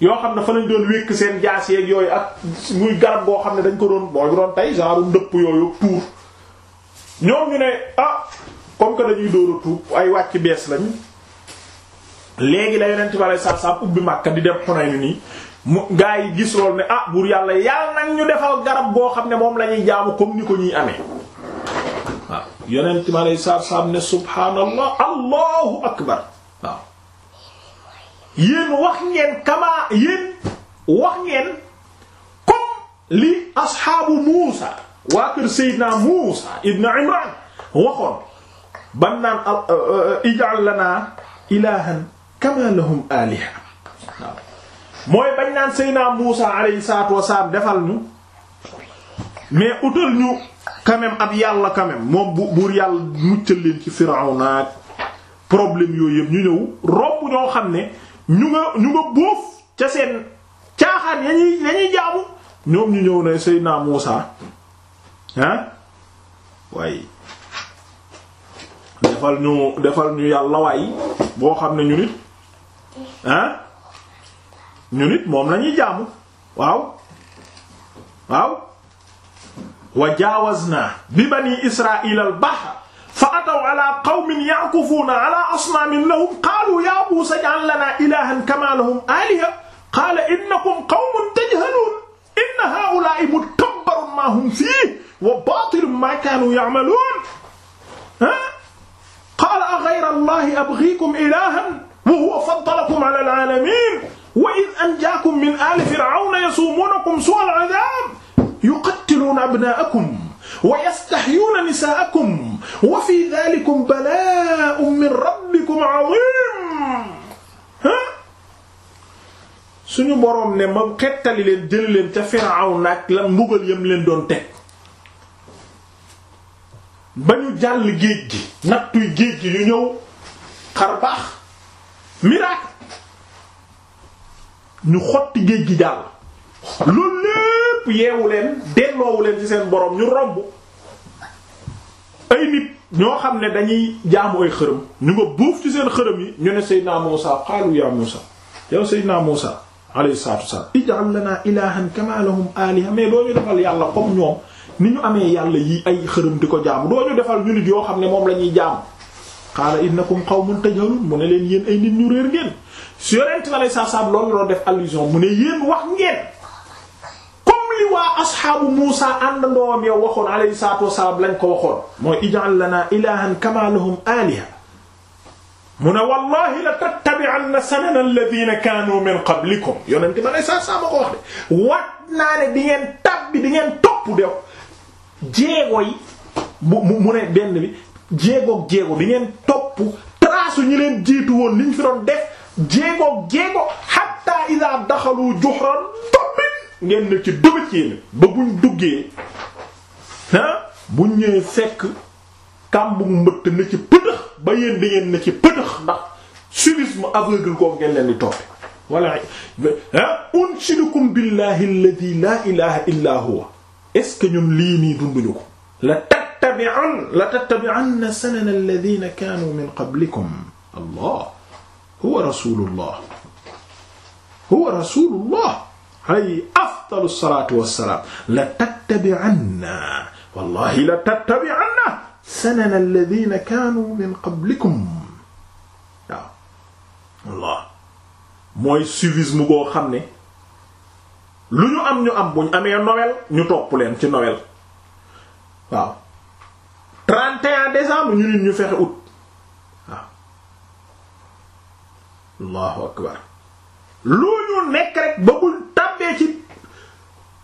yoo xam ne fa lañ doon wékk seen jaas yeeg yooyu ak muy garab goo xam ne dañ ko doon boo doon tey genre ndëpp yooyu tuur ñoom ñu ne ah comme que dañuy dóor a tuub ay wàcc bees lañu léegi la yonent bi alayhi salaam ubbi Makka di dem Hunayn nii mu gaa yi gis loolu ne ah buur yàlla yàlla nag ñu defal garab boo xam ne moom lañuy ñuy jaamu comme ni ko ñuy amee waaw yonent bi alayhi salaam ne subhaanallah allahu akbar waaw wax ngeen kamaa yéen wax ngeen comme li asxaabu Muusa waa kër Seydina Muusa ibn Imran waxoon ban naan uh, uh, uh, ij'al lanaa ilaahan kamaa lahum aaliha waaw mooy bañ naan Seydina Muusa alayhi salaatu wasalaam defal ñu mais utal ñu quand ab yàlla quand même moom bu buur yàlla muccal leen ci Firawna problème yooyu yëpp ñu ñëw romb ñoo xam ne ñu nga ñu nga bóof ca seen caaxaan yañuy yañuy jaamu ñoom ñu ñëw ne Seydina Muusa ah waaye defal ñu defal ñu yàlla waay boo xam ne ñu nit ah ñu nit moom lañuy jaamu waaw waaw wa jaawazna bi bani israil al bahr fa ataw ala qawmin ya'kufuna ala asnaamin lahum qaalu ya muusa ij'al lana ilahan kama lahum aliha qaala innakum qawmun tajhalun inna ha'ula'i mutabbarun ma hum fihi wa baatilu maa kaanu ya'maluun qaala a ghayra allahi abghiikum ilaahan wa huwa faddalakum ala al-'aalamiin wa idh anjaakum min aali fir'awna yasuumuunakum suu'a al-'adhaab yuqattiluuna abnaa'akum wa yastahyuuna nisaa'akum wa fii dhaalikum balaa'un min rabbikum 'adhiim suñu boroom ne ma xettali leen jël leen ca Firawna ak la mbugal yam leen doon teg ba ñu jàll géej gi nattuy géej gi ñu ñëw xar baax miracle ñu xotti géej gi jàll loolu lépp yeewu leen delloowu leen ci seen boroom ñu romb ay nit ñoo xam ne dañuy jaamu ay xërëm ñu nga buuf ci seen xërëm yi ñu ne Seydina Muusa qaalu ya Muusa yow Seydina Muusa alayhi salaatu wa salaam ij'al lanaa ilaahan kamaa lahum aaliha mais loo ñu defal yàlla comme ñoom ni ñu amee yàlla yi ay xërëm di ko jaamu doo ñu defal ñu nit yoo xam ne moom la ñuy jaamu qaala innakum qawmun tajhalun mu ne leen yéen ay nit ñu réer ngeen su yorent na lay saab loolu la def allusion mu ne yéen wax ngeen comme li waa asxaabu Muusa àndandoom yow waxoon alayhi salaatu wasalaam lañ ko waxoon mooy ij'al lana ilahan kama lahum aliha mu ne wallahi la tattabi'anna sanana alladhina kaanu min qablikum yonent ma lay saab saab ma ko wax de wat naa ne di ngeen tab bi di ngeen topp dew jéego yi mu mu ne benn bi jéegoog jéego bi ngeen topp trace ñu leen jiitu woon liñ fi doon def jéegoog jéego hatta ila daxalu juhran toppin ngeen ne ci dugg ci ba buñ duggee ah buñ ñëwee fekk kàmbu mbëtt na ci pëtëx ba yéen da ngeen na ci pëtëx ndax civisme aveugle koo ngeen leen di toppe wala ah unshidukum billahi alladhi la illa huwa est-ce que ñun lii nii dunduñu ko la tattabi'an la tattabi'anna sanana alladhina kaanu min qablikum allah huwa rasulullah huwa rasulullah hay la tattabi'anna wallahi la tattabi'anna sanana alladhina kaanu min qablikum waaw allah mooy suivisme xam ne lu ñu am ñu am bu amee nowel ñu topp leen ci Noël waaw 31 décembre ñu nit ñu fexe août waaw allahu akbar lu ñu nekk rek ba bu tàbbee ci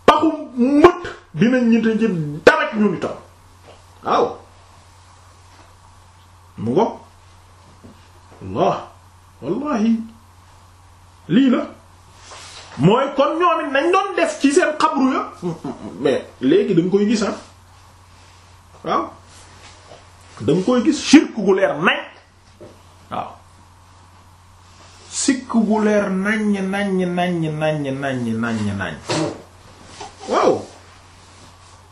paxu mët dinañ ñita ci dabaj ñu ni tam waaw mu ngo Allah wallahi lii la mooy kon ñoom it nañ doon def ci seen xabru ya mais léegi da koy gis ah waaw da nga koy gis sirk gu leer nañ waaw sikk gu leer naññ naññ naññ naññ naññ waaw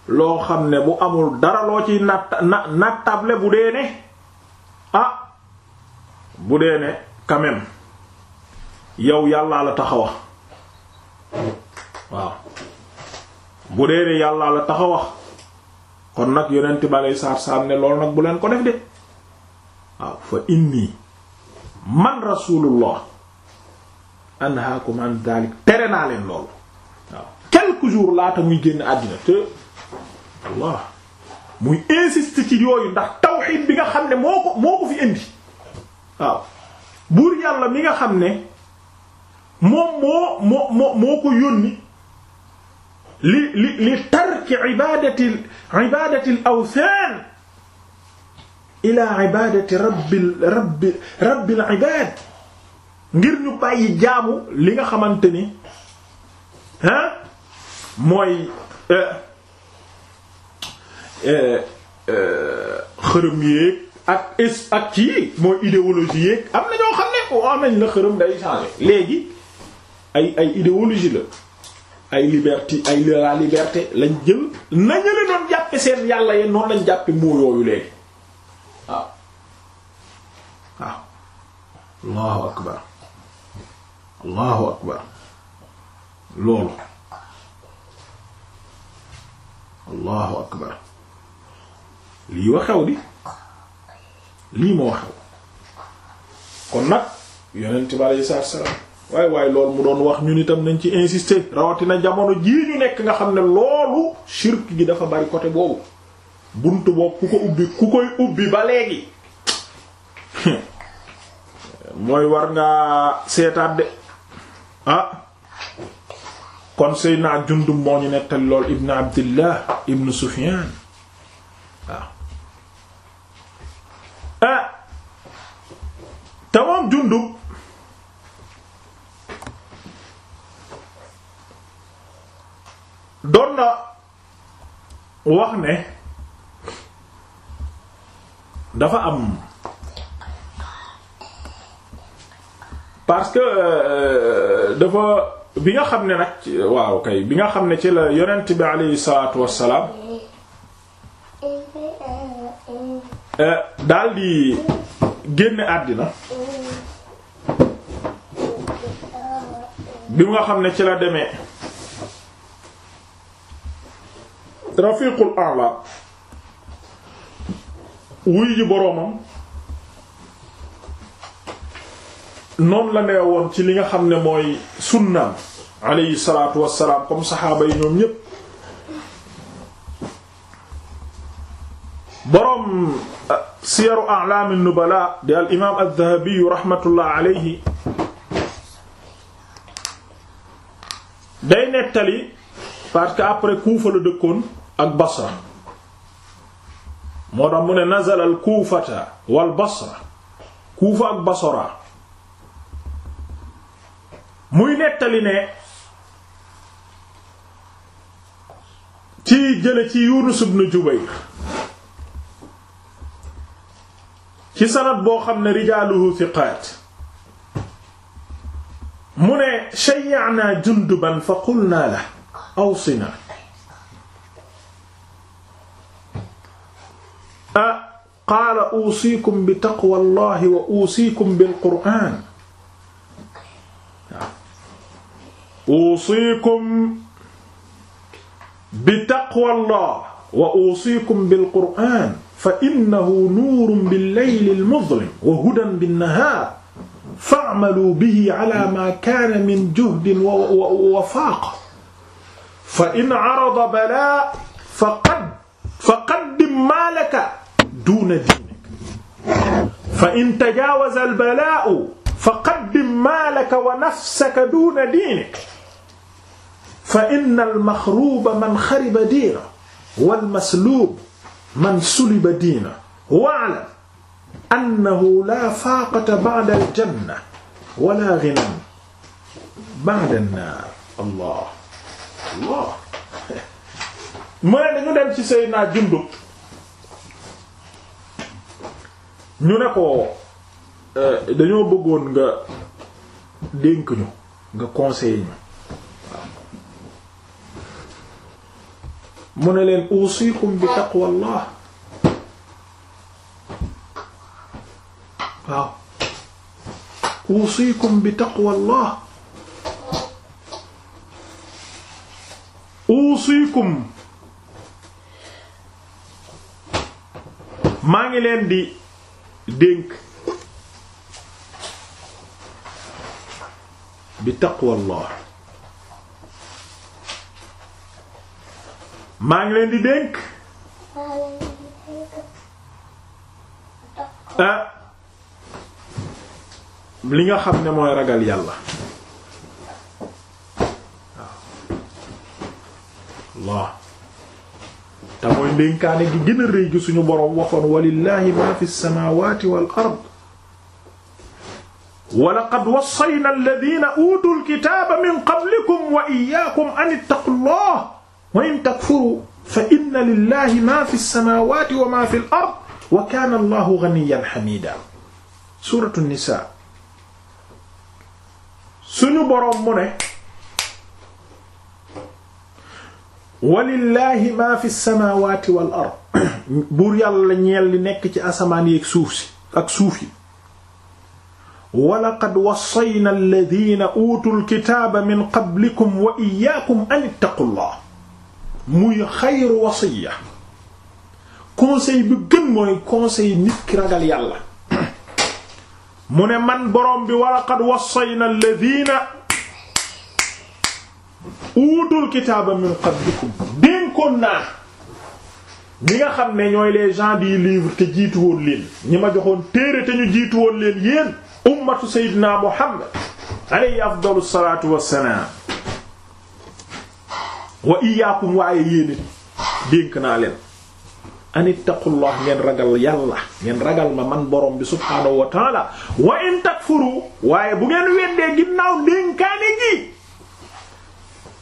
loo xam ne bu amul dara loo ci natt na bu dee ne ah bu dee ne quand yow yàllaa la taxawa waaw bu dee ne yàlla la tax wax kon nag yonent ba lay saar saar ne loolu bu leen ko def de waaw fa inni man rasulullah anhaakum an dalik tere naa leen loolu waaw quelques jours laata muy génn àddina te allah muy insister ci yooyu ndax tawxiid bi nga xam ne moo ko moo ko fi indi waaw buur yàlla mi nga xam ne moom moo moo moo moo ko yónni li li li tarki ibadati ibadati al awthan ila ibadati rabbil rabbi rabbil ibad ngir ñu bàyyi jaamu li nga xamante ni ah mooy eh, eh, eh, xërëm yéeg ak es ak kii mooy idéologie yéeg am na ñoo xam ne oo oh, am nañ la xërëm day changer léegi ay ay idéologie la ay liberté ay la lañ jël nañu la doon jàppe seen yàlla yeen noonu lañ jàppe moo yooyu léegi waaw waaw allahu akbar allahu akbar loolu allahu akbar lii wa xew di lii moo xew kon nag yonent bi aleyhi salaatu wa salaam waay waaye loolu mu doon wax ñun tam nañ ci insister rawatina jamono jii ñu nekk nga xam ne loolu shirk gi dafa bari côté boobu buntu boobu ku ko ubbi ku koy ubbi ba léegi *laughs* mooy war ngaa seetaat de ah kon Seydina moo ñu nettali lool Ibn Abdillah Ibn Sufyan waaw ah, ah. doon na wax ne dafa am parce que euh, dafa bi nga xam ne nag waaw kay bi nga xam ne ci la yonent bi alayhi salaatu wassalaam euh, daldi génn àddina bi nga xam ne ci la demee rafiqul a'la wuy ji boroomam noonu la nee ci li nga xam ne mooy sunnaam alayhi salaatu wassalaam comme saxaaba yi ñoom ñépp boroom euh, siyaru a'laami nubala di al imaam adh-Dhahabi rahmatullah alayhi day nettali parce que après Kuufa la dëkkoon ak Basra moo tax mu ne nazala al kuufata wal Basra kuufa ak Basra muy nettali ne ci jële ci Yunus ibn Jubayr ci sanat boo xam ne rijaaluhu thiqaat mu ne shay'na junduban fa qulna la awsina Ah, qaala uusikum bi taqwa allahi wa uusikum bil qur'aan ah. uusikum bi taqwa allah wa uusikum bil qur'aan fa innahu nuurun bil laylil muzlim wa hudan bin nahaar fa'maluu bihi alaa maa kaana min juhdin wa wafaaq fa in arada balaa faqad faqaddim maalaka duuna diinik fa in tajaawaza al balaa'u fa qaddim maalaka wa nafsaka duuna diinik fa inna al maxruuba man xariba diina wal masluub man suliba diina wa'lam annahu laa faaqata ba'da al janna wala ghinan ba'da an naar allah allah *laughs* mu ne dañu dem ci Seydina Jundub ñu ne ko euh, dañoo bëggoon nga dénk ñu nga conseiller ñu mu ne leen usikum bi taqwallah waaw usikum bi taqwallah usikum maa ngi leen di dénk bi taqwallah maa ngi leen di dénk ah. li nga xam ne mooy ragal yàlla waaw te mooy ndénkaane gi gën a rëy gi suñu boroom waxoon walillahi ma fi samawati wal ard wa laqad wassayna alladina utu lkitaba min qablikum wa iyyakum an ittaqu llah wa in takfuru fa inna lillahi ma fi samawati wa ma fi l ard wa kana allahu ghaniyan hamida suratu nisa suñu boroom mu ne walillahi ma fi samawati wal ard *coughs* buur yàlla la ñeel li nekk ci asamaan yi ak suuf si ak suuf yi walaqad wassayna alladina utul kitaaba min qablikum wa iyaakum an ittaqullah muy xayru wasiya conseil bi gën mooy conseil nit ki ragal yàlla *coughs* mu ne man borom bi walaqad wassayna alladina uutul kitaaba min qablikum dénkoon naa li nga xam ne ñooy les gens du livre te jiitu woon leen ñi ma joxoon téere te ñu jiitu woon leen yéen ummatu sayyidina muhammad alayhi afdalu salaatu wassalaam wa iyaakum waaye yéen dénk naa leen an ittaqullah ngeen ragal yàlla ngeen ragal ma man borom bi subhaanahu wa taala wa in takfuru waaye bu ngeen weddee ginnaaw dénkaane gi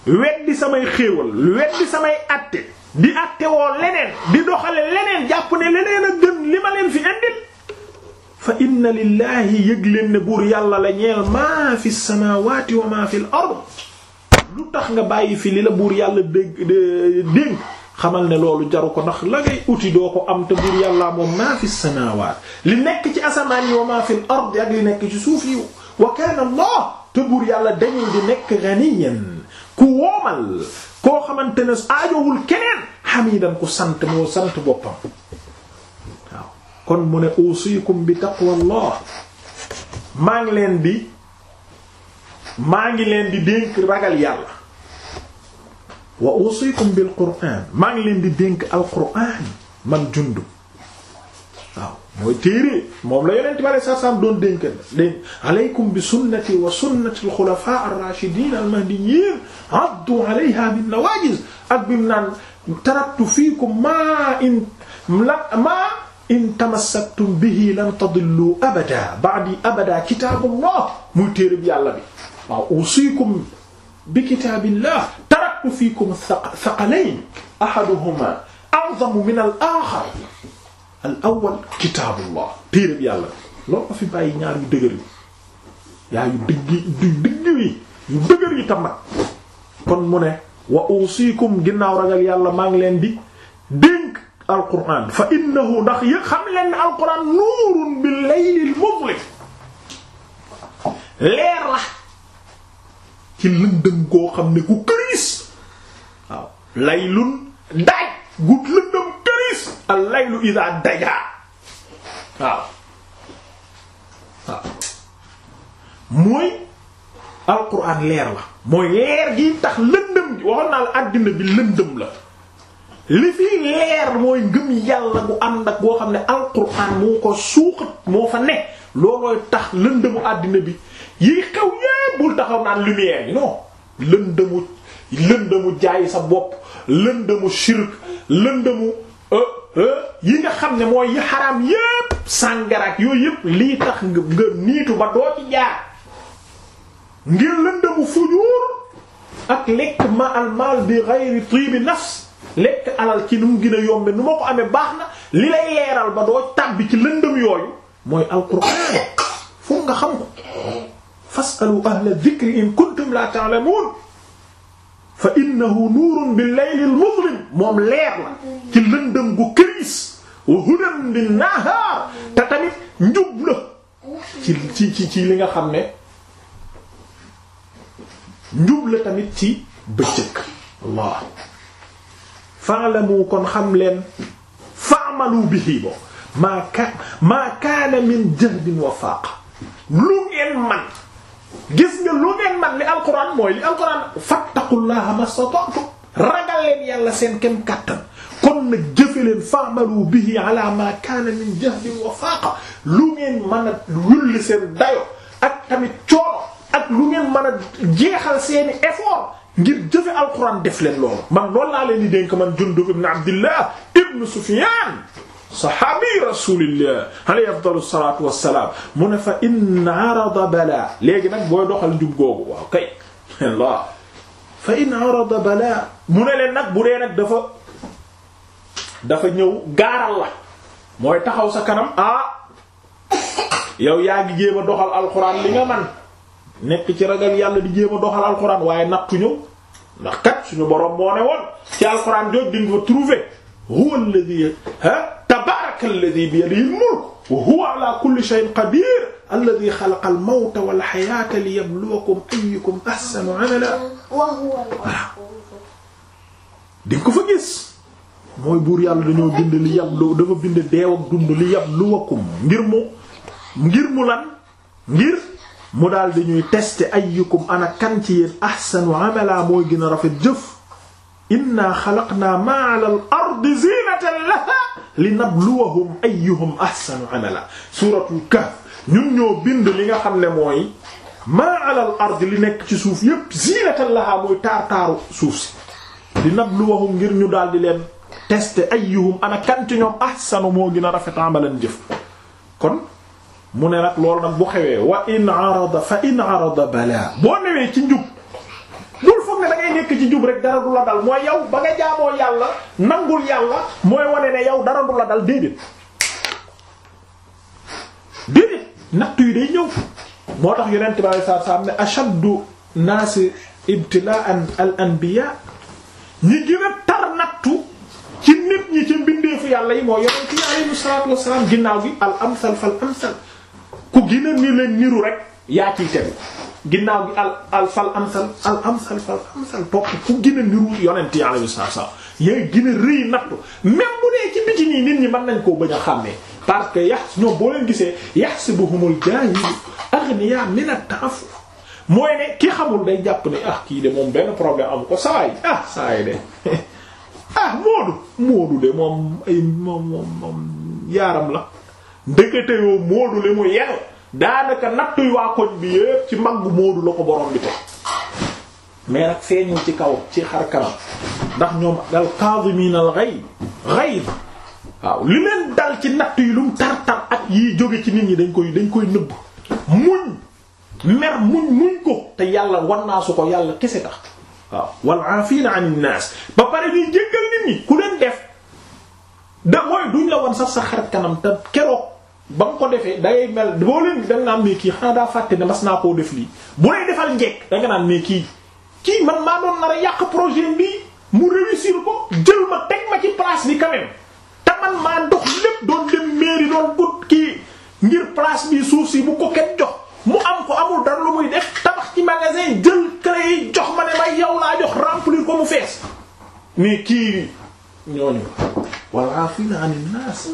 weddi samay xéewal weddi samay àtte di àtte woo leneen di doxale leneen jàpp ne leneen a gën li ma leen fi indil fa inna lillahi yëg leen ne buur yàlla la ñeel maa fi samawati wa maa fi ard lu tax nga bàyyi fi li la buur yàlla dégg dénk xamal ne loolu jaru ko ndax la ngay uti doo ko am te buur yàllaa moom maa fi samawat li nekk ci asamaan yi wa maa fi ard ak li nekk ci suuf yi wa kaana te buur yàlla dañuy di nekk ganiyan ku woomal koo xamante ne aajowul keneen xamidan ku sant moo sant boppam waaw kon mu ne usikum bi taqwallah maa ngi leen di maa ngi leen di dénk ragal yàlla wa usikum bil qur'an maa ngi leen di dénk al qur'an man jundub waaw mooy téere moom la yonent bi alayhi salaam doon dénk dénk alaykum bi sunnati wa sunnati al-khulafaa ar-raashidiin al-mahdiyyiin addu alayhaa bin-nawaajiz ak bi mu naan taraktu fiikum maa in maa in tamassaktum bihi lan tadillu abadan ba'dii abadan kitaabullah muy téere bi yàlla bi waaw uusiikum bi kitaabillah taraktu fiikum thaqalayn ahaduhumaa a'zamu min al-aakhar al awwal kitaabullah téeréb yàlla loolu ko fi bàyyi ñaar yu dëgër yi yaa yu digg yu digg yi yu dëgër yi tam kon mu ne wa usikum ginnaaw ragal yàlla maa ngi leen di dénk alquran fa innahu ndax yëg xam leen ne alquran nuurun bi laylil muzlim leer la ci lëndëm koo xam ne ku këriis waaw laylun daaj gut lëndëm gis al laylu idaa daja waaw waaw mooy alquran leer la mooy leer gi tax lëndëm gi waxoon naa la àddina bi lëndëm la li fii leer mooy ngëm yàlla bu ànd ak boo xam ne alquran moo ko suuxat moo fa ne loolooy tax lëndëmu àddina bi yi xew yépp bul lëndëmu lëndëmu jaay sa bopp lëndëmu shirk lëndëmu Euh, euh, yi nga xam ne mooy yi xaraam yépp sàngaraak yooyu yëpp lii tax nga niitu ba doo ci jaar ngir lëndëmu fujuur ak lekk ma al mal bi ghayri tibi nafs lekk alal ci nu mu gën a nu ma ko amee baax na li lay leeral ba doo tàbbi ci lëndëm yooyu mooy alquraan fu nga xam ko fasalu ahla dhikri in kuntum la ta'lamun fa innahu nuurun bil laylil muzlim moom leer la ci lëndëm gu këris wa hudan lin nahaar te tamit njub la ci ci ci li nga xam ne njub la tamit ci bëccëg Allah fa'lamu kon xam leen fa'malu bihi bo maa ka maa kaana min jahdin wa faaqa lu ngeen man gis nga lu ngeen man li alquran mooy li alquran fattaqullaha mastata'tu ragal leen yàlla seen kem kàttan kon nag jëfe leen fa'malu bihi ala ma kaana min jahdin wa faaqa lu ngeen mën a wulli seen dayo ak tamit coono ak lu ngeen mën a jeexal seeni effort ngir jëfe alquran def leen loolu man loolu laa leen di dénk man Jundub ibn Abdillah ibn Sufyan saxaabi rasulillah alayhi afdalu salaatu wassalaam mu ne fa in arada balaa léegi nag booy doxal jub googu waaw kay Allah fa in arada balaa mu ne leen nag bu dee nag dafa dafa ñëw gaaral la mooy taxaw sa kanam ah yow yaa ngi jéem a doxal alxuraan li nga man nekk ci ragal yàlla di jéem a doxal alxuraan waaye nattu ñëw ndax kat suñu borom moo ne woon ci alxuraan jot di nga fa trouver huwa alladhi ha tabaaraka alladhi bi yadihi al-mulk wa huwa ala kulli shay'in qadir alladhi khalaqa al-mawta wal hayata liyabluwakum ayyukum ahsanu amala di nga ko fa gis mooy buur yàlla dañoo bind li yablu dafa bind deew ak dund li yabluwakum ngir mu ngir mu lan ngir mu daal dañuy tester ayyukum ana kan ci yéen ahsanu amala mooy gën a rafet jëf inna xalaqnaa ma ala al ardi zinatan laha li nabluwahum ayyuhum ahsanu amala suuratul kahf ñun ñoo bind li nga xam ne mooy maa alal ard li nekk ci suuf yépp ziinatan lahaa mooy taar taaru suuf si li nabluwahum ngir ñu daal di leen tester ayyuhum ana kan ci ñoom ahsanu moo gën a rafet amalan jëf kon mu ne nag loolu nag bu xewee wa in arada fa in arada balaa boo newee ci njub nekk ci jub rek dara du la dal mooy yow ba nga jaamoo yàlla nangul yàlla mooy wane ne yow dara du la dal déedéet déedéet nattu yi day ñëw moo tax yonent bi nit ñi ci mbindeefu yàlla yi moo yonent yi alayhi salaatu wassalaam ginnaaw gi al amsal fal amsal ku gën ni leen niru rek yaa ciy tegu ginnaaw gi al al fal amsal al amsal fal amsal topp ku gën a niru yonent yi alayhi salaam yaa gën a rëy nattu même bu dee ci biti nii nit ñi man nañ koo bañ a xàmmee parce que yax ñoom boo leen gisee yahsibuhumul jaahilu aghniya min at-ta'affuf mooy ne ki xamul day jàpp ne ah kii de moom benn problème am ko saa yi ah, *laughs* ah Moodu Moodu de moom ay moom moom moom yaaram la ndekete yoo Moodu le mu yenu daanaka nattuy waa koñ bi yépp ci maggu Moodu la ko borom bi teg mais nag feeñul ci kaw ci xar kanam ndax ñoom al kaazimiina al ghayb ghayb waaw li leen dal ci natt yi lum tar-tar ak yiy jóge ci nit ñi dañ koy dañ koy nëbb muñ mer muñ muñ ko te yàlla wan naa ko yàlla kese tax waaw wal aafiina anin naas ba pare ñuy jéggal nit ñi ku leen def da duñ la wan sax sa xar kanam te keroog ba nga ko defee dangay mel boo leen da nga naan kii xanaa daa fàtte ne mas naa koo def lii bu lay defal njekk da naan mais kii kii man maa doon nar a yàq projet bi mu réussir ko jël ma teg ma ci place bi quand te man maa dox lépp doon dem mairie doon gut kii ngir place bi suuf si bu ko jox mu am ko amul dara lu muy def tabax ci magasin jël clé jox ma ne ma yow laa jox remplir ko mu fees mais kii ñooñu walla fi naa ni naas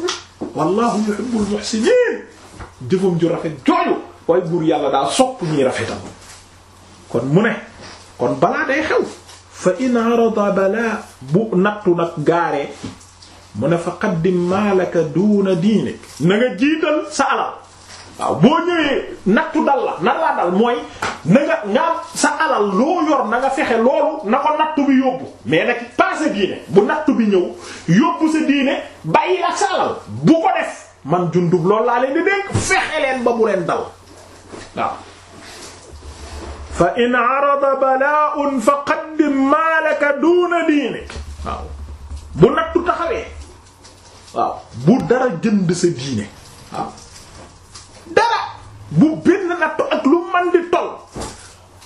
wallahu yuhibbul muhsinin jëfam ju rafet jooju waaye buur yàlla daa sopp ñuy rafetal kon mu ne kon balaa day xew fa in arada balaa bu nattu nag gaaree mu ne fa qaddim maalaka duuna diinik na nga jiital sa alal waaw boo ñëwee nattu dal la nan laa dal mooy na nga nga sa alal loo yor na nga fexe loolu na ko nattu bi yóbbu mais nag pas sa diine bu nattu bi ñëw yóbbu sa diine bàyyi ak sa alal bu ko def man jundub lool laa leen di dénk fexe leen ba bu leen dal waaw fa in arada bala'un fa qaddim maalaka duna diinik waaw bu nattu taxawee waaw bu dara jënd sa diine waaw dara bu benn nattu ak lu man di toll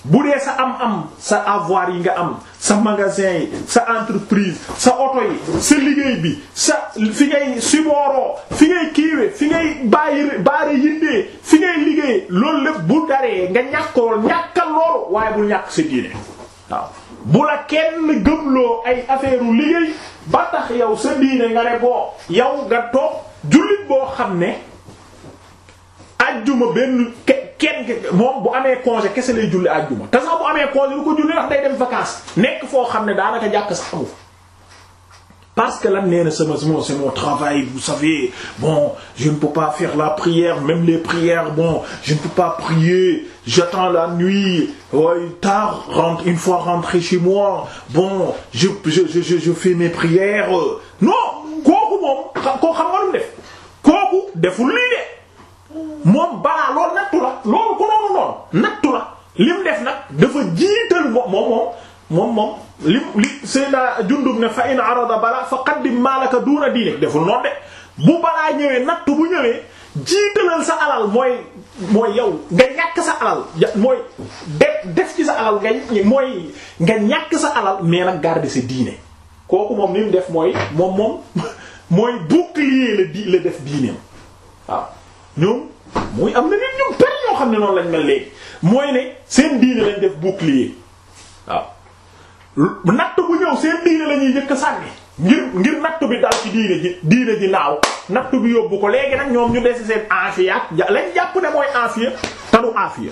bu dee sa am-am sa avoir yi nga am sa magasin yi sa entreprise sa oto yi sa liggéey bi sa fi ngay sibooroo fi ngay kiiwe fi ngay bàyyi baare yindee fi ngay liggéey loolu lépp bu daree nga ñàkkoo ñàkkal loolu waaye bul ñàkk sa diine waaw bu la kenn gëmloo ay affaire u liggéey ba tax yow sa diine nga ne boo yow nga toog jullit boo xam ne ajjuma benn kenn moom bu amee congé kese lay julli ajjuma te sax bu amee congé lu ko julli ndax day dem vacances nekk foo xam ne daanaka jàkk sax amu fa parce que lan nee na sama bon c'est mon travail vous savez bon je ne peux pas faire la prière même les prières bon je ne peux pas prier j'attends la nuit ouais, tard rentre une fois rentré chez moi bon je je je je fais mes prières non kooku moom koo xam nga lu mu def kooku deful lii de. moom balaa loolu nattu la loolu ko noonu noonu nattu la lim def nag dafa jiital moom moom moom moom lim li Seydina Jundub ne fa in arada bala fa qaddim maalaka duuna sa alal mooy mooy yow nga ñàkk sa def def ci ñàkk sa alal mais nag garder sa diine kooku moom def mooy moom moom *laughs* mooy bouclier waaw ñoom muy am na nit ñoom per ñoo xam ne noonu lañ mel léegi mooy ne seen diine lañ def bouclier waaw natt bu ñëw seen diine la jëkk sànni ngir ngir natt bi dal ci diine ji diine ji naaw natt bi yóbbu ko léegi nag ñoom ñu dese seen aafiya lañ jàpp ne mooy aafiya te du aafiya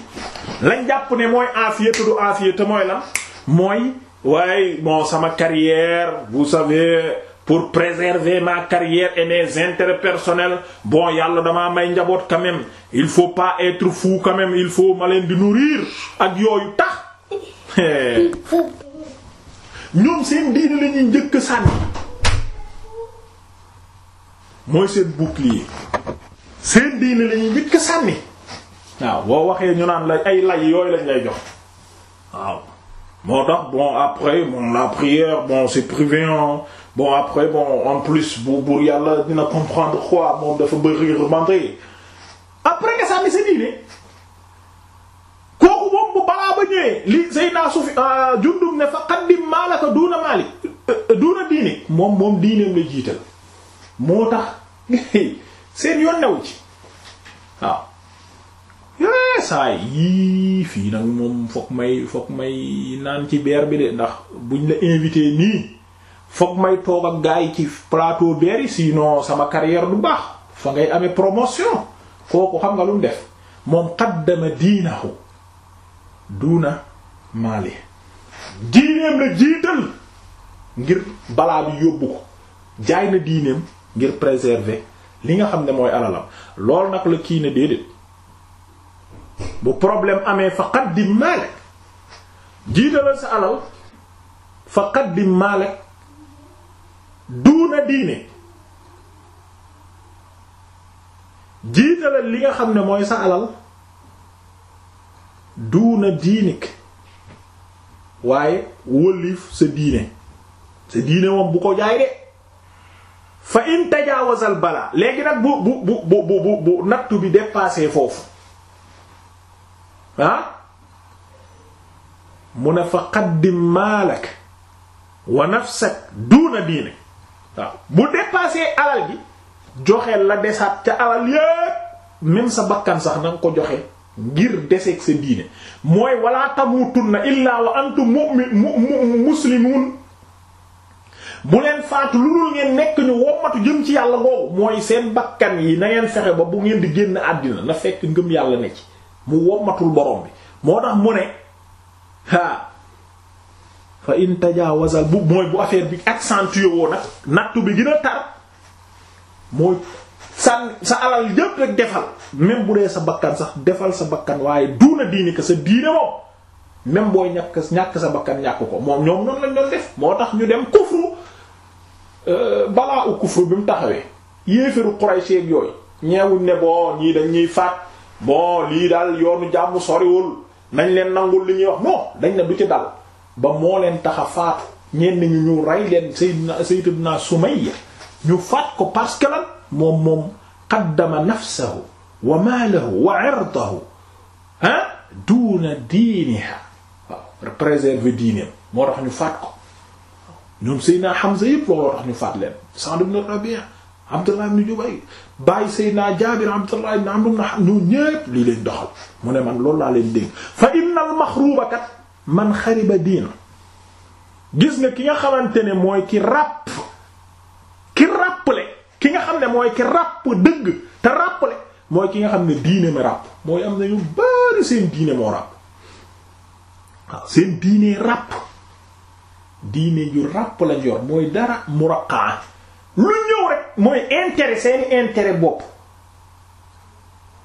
lañ jàpp ne mooy aafiya te du aafiya te mooy la mooy waaye bon sama carrière vous savez pour préserver ma carrière et mes intérêts personnels bon yàlla damaa may njaboot quand même il faut pas être fou quand même il faut ma leen di nourrir ak yooyu tax *laughs* ñoom seen diini la njëkk sànni mooy seen bouclier seen diini la ñuy njëkk sànni waaw boo waxee ñu naan la ay lay yooyu lañ lay jox waaw moo tax bon après bon la prière bon c'est privé bon après bon en plus bu buur yàlla dina comprendre quoi moom dafa bëri remonter après que ça ne s'est kooku moom bu balaa ba ñëwee li Seydina Sufi euh, Jundub ne fa qaddim maalaka duuna maalik euh, duuna diinik moom moom diineem la jiital moo tax *laughs* seen yoon new ci waaw eh, saa yii fii nag moom fokk may fokk may naan ci beer bi de ndax buñ la invité nii fokk may toog ak gars yi ci plateau beeri sinon sama carrière du baax fa ngay amee promotion kooku xam nga lu def moom qaddama diinahu duna maali diineem la jiital ngir balaa bi yóbbu ko jaay na diineem ngir préservé li nga xam ne mooy alalam loolu nag la kii ne déedéet bu problème amee fa qaddim maalak jiitalal sa alal fa qaddim maalak duuna diine jiitalal li nga xam ne mooy sa alal duuna diinik waaye wëlliif sa diine sa diine moom bu ko jaay de fa in tajaawazal balaa léegi nag bu bu bu bu bu bu nattu bi dépassé foofu ah mu ne fa qaddim wa nafsak duuna diinik waaw bu dépassé alal bi joxe la desaat ca alal yépp même sa bakkan sax na nga ko joxe ngir deseeg sa diine mooy wala na illaa wa antum mu muslimun bu leen faat lu dul ngeen nekk ñu wommatu jëm ci yàlla googu mooy seen bakkan yi nangeen ngeen fexe ba bu ngeen di génn àddina na fekk ngëm yàlla ne ci mu wommatul borom bi moo tax mu ne ah fa in tajaawazal bu mooy bu affaire bi accentué woo nag nattu bi gën a tar mooy sa sa alal yëpp rek defal même bu dee sa bakkan sax defal sa bakkan waaye duuna diini ka sa diine moom même booy ñàkk ñàkk sa bakkan ñàkk ko moom ñoom noonu lañ doon def moo tax ñu dem kufru euh, balaa u kufru bi mu taxawee yéefaru Quraysh ak yooyu ñeewuñ ne bon ñii dañ ñuy faat bon lii daal yoonu jàmm soriwul nañ leen nangul li ñuy wax non dañ ne du ci dal ba moo leen tax a faatu ñenn ñu ñu rey leen sayyidina sayyidina Sumayya ñu faat ko parce que lan moom moom qaddama nafsahu wa maalahu wa irdahu ah duuna diiniha waaw préserver diineem moo tax ñu faat ko ñoom Seydina Hamza yëpp looloo tax ñu faat leen Sa'd ibn Rabi' Abdullah ibn Jubay bàyyi Seydina Jaabir Abdullah ibn Amr ñu ñépp lii leen doxal mu ne man loolu laa leen dégg fa innal maxruuba kat man xari xariba diina gis nga ki nga xamante ne mooy ki ràpp ki ràpple ki nga xam ne mooy ki ràpp dëgg te ràpple mooy ki nga xam ne diine mi ràpp mooy am na ñu bari seen diine moo ràpp waaw seen diine ràpp diine yu ràpp lañ yor mooy dara muraqaa lu ñëw rek mooy intérêt seeni intérêt bopp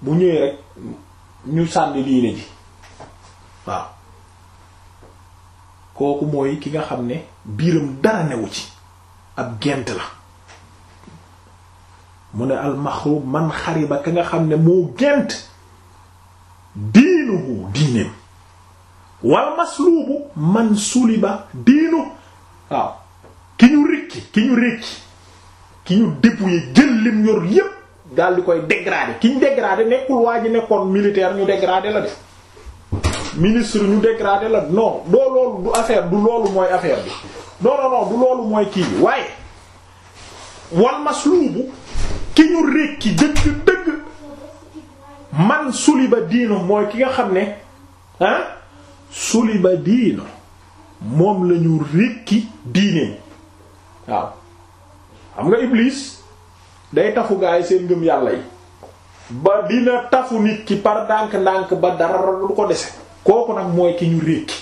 bu ñëwee rek ñu sànni diine ji waaw kooku mooy ki nga xam ne biiram dara newu ci ab gent la mu ne almaxrub man xariba ka nga xam ne moo gent diinuhu diineem wal masluubu man suliba diinu waaw ki ñu rikki ki ñu rikki ki ñu dépouiller jël lim yor yépp daal di koy dégrader ki ñu dégrader nekkul waa ji nekkoon militaire ñu dégrader la def ministre ñu dégradé la non doo loolu du affaire du loolu mooy affaire bi non loolu mooy kii waaye wal masluubu ki ñu rékki dëgg dëgg man suliba diino ki nga xam ne ah diino moom la ñu rékki diine waaw xam nga iblis day tafu gaay seen ngëm yàlla yi ba dina tafu nit ki par ndànk ndànk ba dara du ko dese kooku nag mooy ki ñu rékki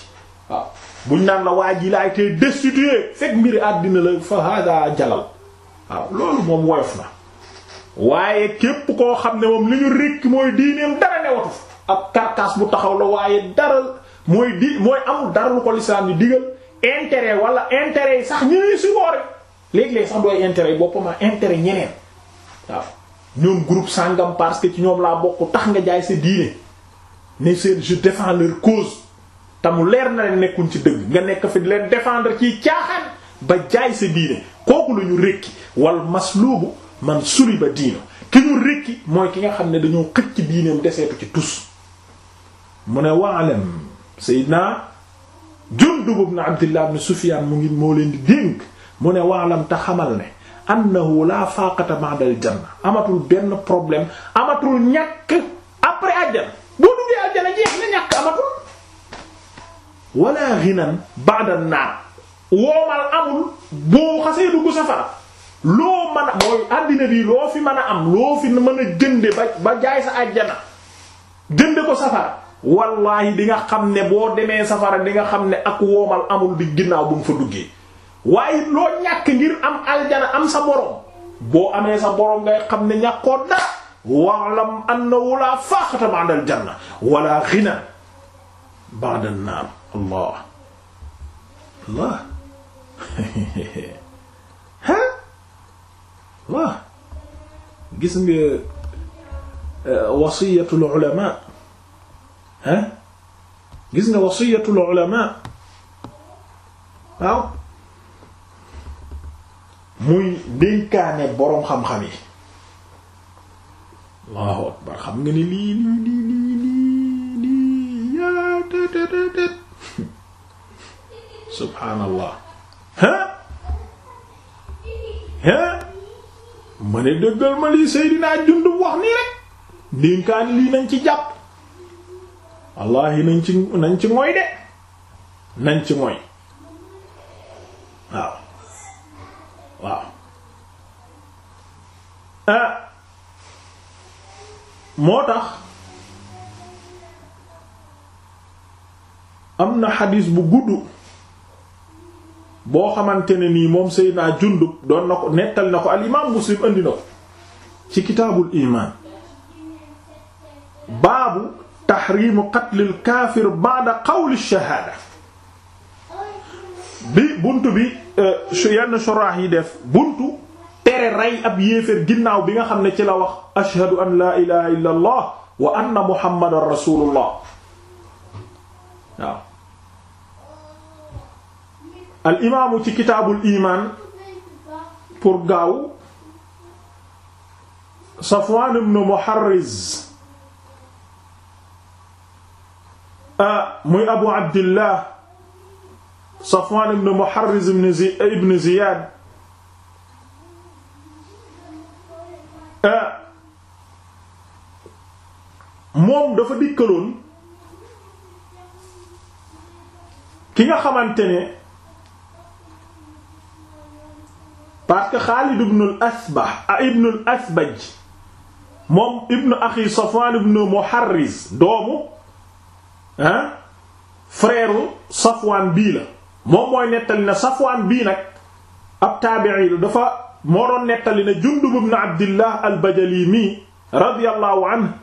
waaw buñ naan la waa ji laa été destitué fekk mbiri àddina la fa hada jalal waaw loolu moom woyof na waaye képp koo xam ne moom li ñu rékki mooy diineem dara newatu ab karkaas bu taxaw la waaye dara mooy di mooy amul dara lu ko lislaam ni digal intérêt wala intérêt yi sax ñuy suboore léegi-léegi sax dooy intérêt yi boppam intérêt ñeneen waaw ñoom groupe sàngam parce que ci ñoom laa bokk tax nga jaay sa diine ne seen je défends leur cause te leer na leen nekkuñ ci dëgg nga nekk fi di leen défendre ciy caaxaan ba jaay sa diine kooku la ñu rékki wal maslubu man suli ba diina ki ñu rékki mooy ki nga xam ne dañoo xëcc diineem deseetu ci tus mu ne waalam Seydina dugub ibn Abdillah ibn Sufyan mu ngi moo leen di dénk mu ne waalam te xamal ne annahu la faaqata ba'da al jan amatul benn problème amatul ñàkk après àjjana boo duggee aljana jeex na ñàkk amatul wala ghinan ba'da woomal amul boo xasee dugg safara loo mën a mooy àddina bi loo fi mën a am loo fi mën a jënde ba ba jaay sa àjjana jënde ko safara wallaahi di nga xam ne boo demee safara di nga xam ne ak woomal amul di ginnaaw bu mu fa duggee waaye loo ñàkk ngir am aljana am sa borom boo amee sa borom ngay xam ne ñàkkoon dara wa'lam annahu laa faaxata ba'da al-janna wala ghina ba'da an-naar allah allah ha *laughs* allah gis nga eh, wasiyatul ulama ha gis nga wasiyatul ulama waaw muy dénkaane boroom xam-xam yi Allahu akbar xam nga ni lii lii lii lii lii *laughs* subhaanallah ha ha ma ne dëggal ma lii Seydina Jundub wax nii rek ndénkaan lii nañ ci jàpp wallaahi nañ ci nañ ci moy de nañ ci moy waaw waaw moo tax am na xadiis bu gudd boo xamante ne nii moom Seydina Jundub doon na ko na ko al imaam Muslim andi na ko ci kitaabul imaan baabu taxriimu qatlil kaafir ba'da qawli shahaada bi bunt bi eh, yenn suraax yi def tere rey ab yéeféer ginnaaw bi nga xam ne ci la wax ashhadu an laa ilaha illa allah wa anna rasulullah al imaamu ci kitaabul imaan pour gaaw Safwaan ibn Muharriz ah muy abu abdillah Safwaan Muharriz ibn Ziyaad moom dafa dikkaloon ki nga xamante ne parce que Xaalid ibn al a ibn axi Safwan ibn Muharriz doomu ah frère Safwan bii la moom mooy nettali na Safwan bii nag ab taabi'i la dafa moo doon nettali na Jundub ibn Abdillah al-Bajalimi radiyallahu anhu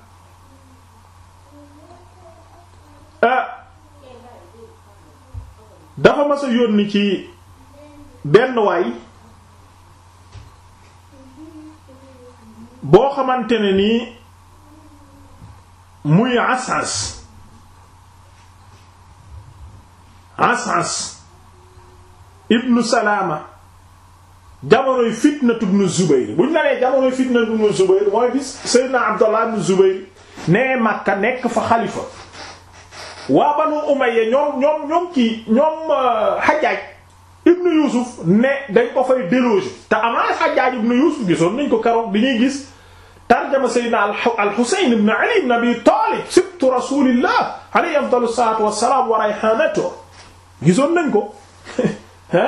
dafa mas a yónni ci benn waay boo xamante ne nii muy asas asas ibnu salaama jamonoy fitnatu ibnu zubayr buñ naree jamonoy fitnatu ibnu zubayr mooy bis seydna abdallah ibnu zubayr nee makka nekk fa xalifa waa banu umayya ñoom ñoom ñoom kii ñoom xajaaj euh, yusuf ne dañ ko fay déloger te amaana xajaaj ibnu yusuf gisoon nañ ko keroog bi ñuy gis tarjama sayyidina al-Husayn ibn Ali ibn Abi Talib sibtu rasulillah alayhi afdalu salaatu wassalaam wa rayhanatu gisoon nañ ko *laughs*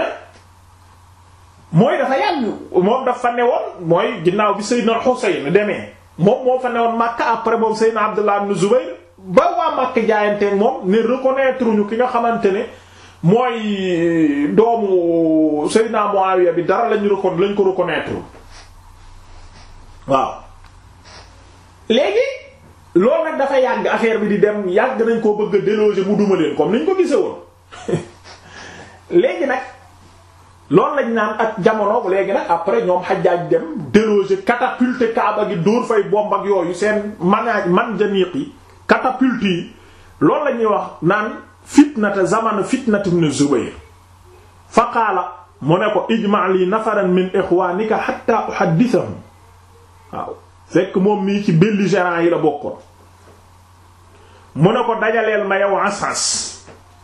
mooy dafa yàgg moom dafa mooy ginnaaw bi sayyidina al-Husayn demee moom moo fa ne woon Makka après moom sayyidina Abdullah ibn Zubayr ba waa Makka jaayanteen moom ne reconnaître ñu ki nga xamante ne mooy euh, doomu Seydina Muawiya bi dara lañu recon lañ ko reconnaître waaw léegi loolu nag dafa yàgg affaire bi di dem yàgg nañ koo bëgg a bu mu duma leen comme niñ ko gise woon *laughs* léegi nag loolu lañ naan ak jamono léegi nag après ñoom Hajjaj dem déloger catapulter Kaaba gi dóor fay bomb ak yooyu seen manaj man janiq yi catapulte yi loolu ñuy wax naan fitnata zamanu fitnat ibn Zubayr fa qaala mu ne ko ijma li nafaran min ixwanika xatta uhaddithahum waaw fekk moom mii ci belligérants yi la bokkoon mu ne ko dajaleel ma yow Asas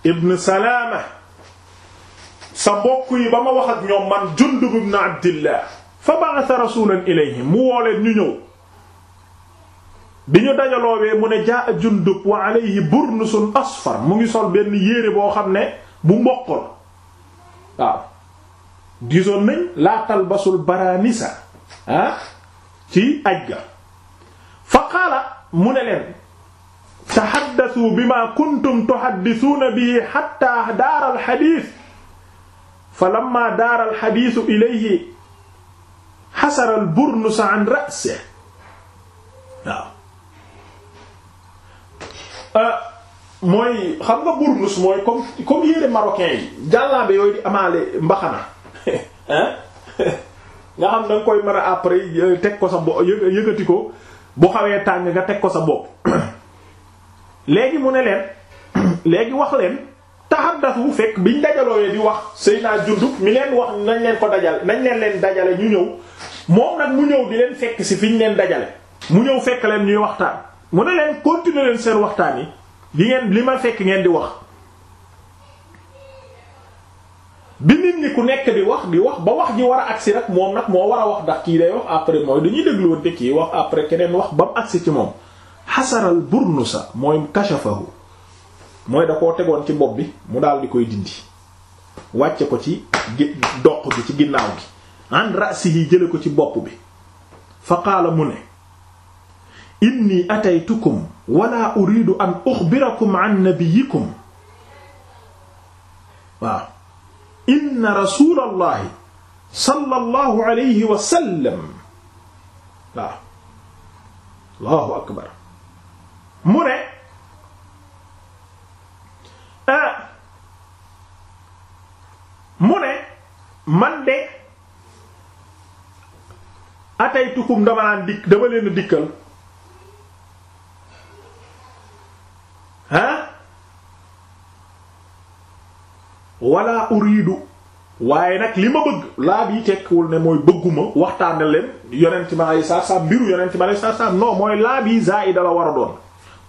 ibn Salama sa bokk yi ba ma wax ak ñoom man Jundub ibn Abdillah fa ba'atha rasulan ilayhim mu wooleen ñu ñëw bi ñu dajaloowee mu ne jaa jundub wa alayhi burnusun asfar mu ngi sol benn yére boo xam ne bu mboq la waaw gisoon nañ laa talbasul baranisa ah ci aj ga fa qaala mu ne leen taxaddasu bima kuntum tuxaddisuuna bihi xatta daara alxadiis fa lamma daara alxadiisu ilayhi xasara alburnusa an ra'sihi Euh, mooy xam nga burnus mooy comme comme yére marocain yi jàllaabe yooyu di amaale mbaxana *laughs* hein *laughs* nga xam da nga koy mën a après euh, teg ko sa bopp yëgati ko bu xawee tàng nga teg ko sa bopp *coughs* léegi mu ne leen *coughs* léegi wax leen tahaddathu fekk biñ dajalooyee di wax Seydina Jundub mi leen wax nañ leen ko dajal nañ leen leen dajale ñu ñëw moom nag mu ñëw di leen fekk si fi ñu leen dajale mu ñëw fekk leen ñuy waxtaan mu ne leen continuer leen seen waxtaan yi li ngeen li ma fekk ngeen di wax bi nit ñi ku nekk di wax di wax ba wax ji war a agsi rek moom nag moo war a wax ndax kii day wax après mooy dañuy dégluwoon te kii wax après keneen wax ba mu agsi ci moom xasaral burnusa mooy kashafahu mooy da koo tegoon ci bopp bi mu daal di koy dindi wàcce ko ci doq bi ci ginnaaw gi an rasihi jële ko ci bopp bi fa qaala mu ne inni ataytukum wala uridu an uxbirakum an nabiyikum waaw inna rasulallahi sallallahu alayhi wa sallam waaw allahu akbar mu ne mu ne man de ataytukum dama laan dikk dama leen dikkal ah wala uridu waaye nag li ma bëgg laa bi tekkiwul ne mooy bëgguma waxtaane leen yonent ma ay saa saa mbiru yonent ma ay saa saa mooy laa bi zaida la war a doon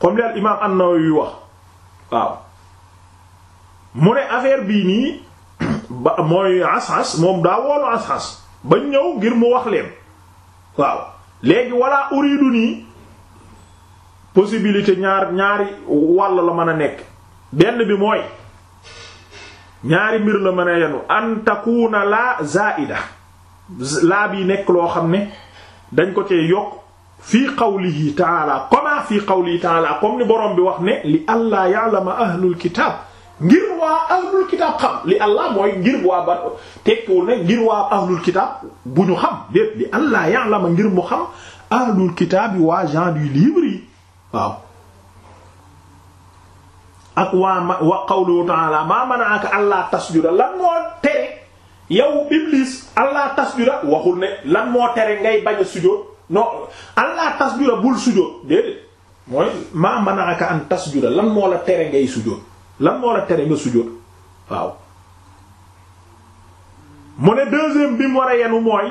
comme li al imaam an-Nawawi wax mu ne affaire bii nii ba mooy asas moom daa woolu asas ba ñëw ngir mu wax leen waaw léegi wala uridu nii possibilité ñaar ñaari wàll la mën a nekk benn bi mooy ñaari mbir la mën a yenu an takuna la zaida laa bi nekk loo xam ne dañ ko cee yokk fii qawlihi taala kama fii qawlihi taala comme ni borom bi wax ne li allah ya'lama ahlul kitab ngir waa ahlul kitab xam li allah mooy ngir waa allah ngir mu xam ahlul kitab waa gens du livre waaw ak waa ma wa qawluhu ta'ala maa mana'aka allaa tasjuda lan moo tere yow iblis allaa tasjuda waxul ne lan moo tere ngay bañ a sujjóot non allaa tasjuda bul sujjóot déedéet mooy maa mana'aka an tasjuda lan moo la tere ngay sujjóot lan moo la tere waaw mu ne deuxième bi mu war a yenu mooy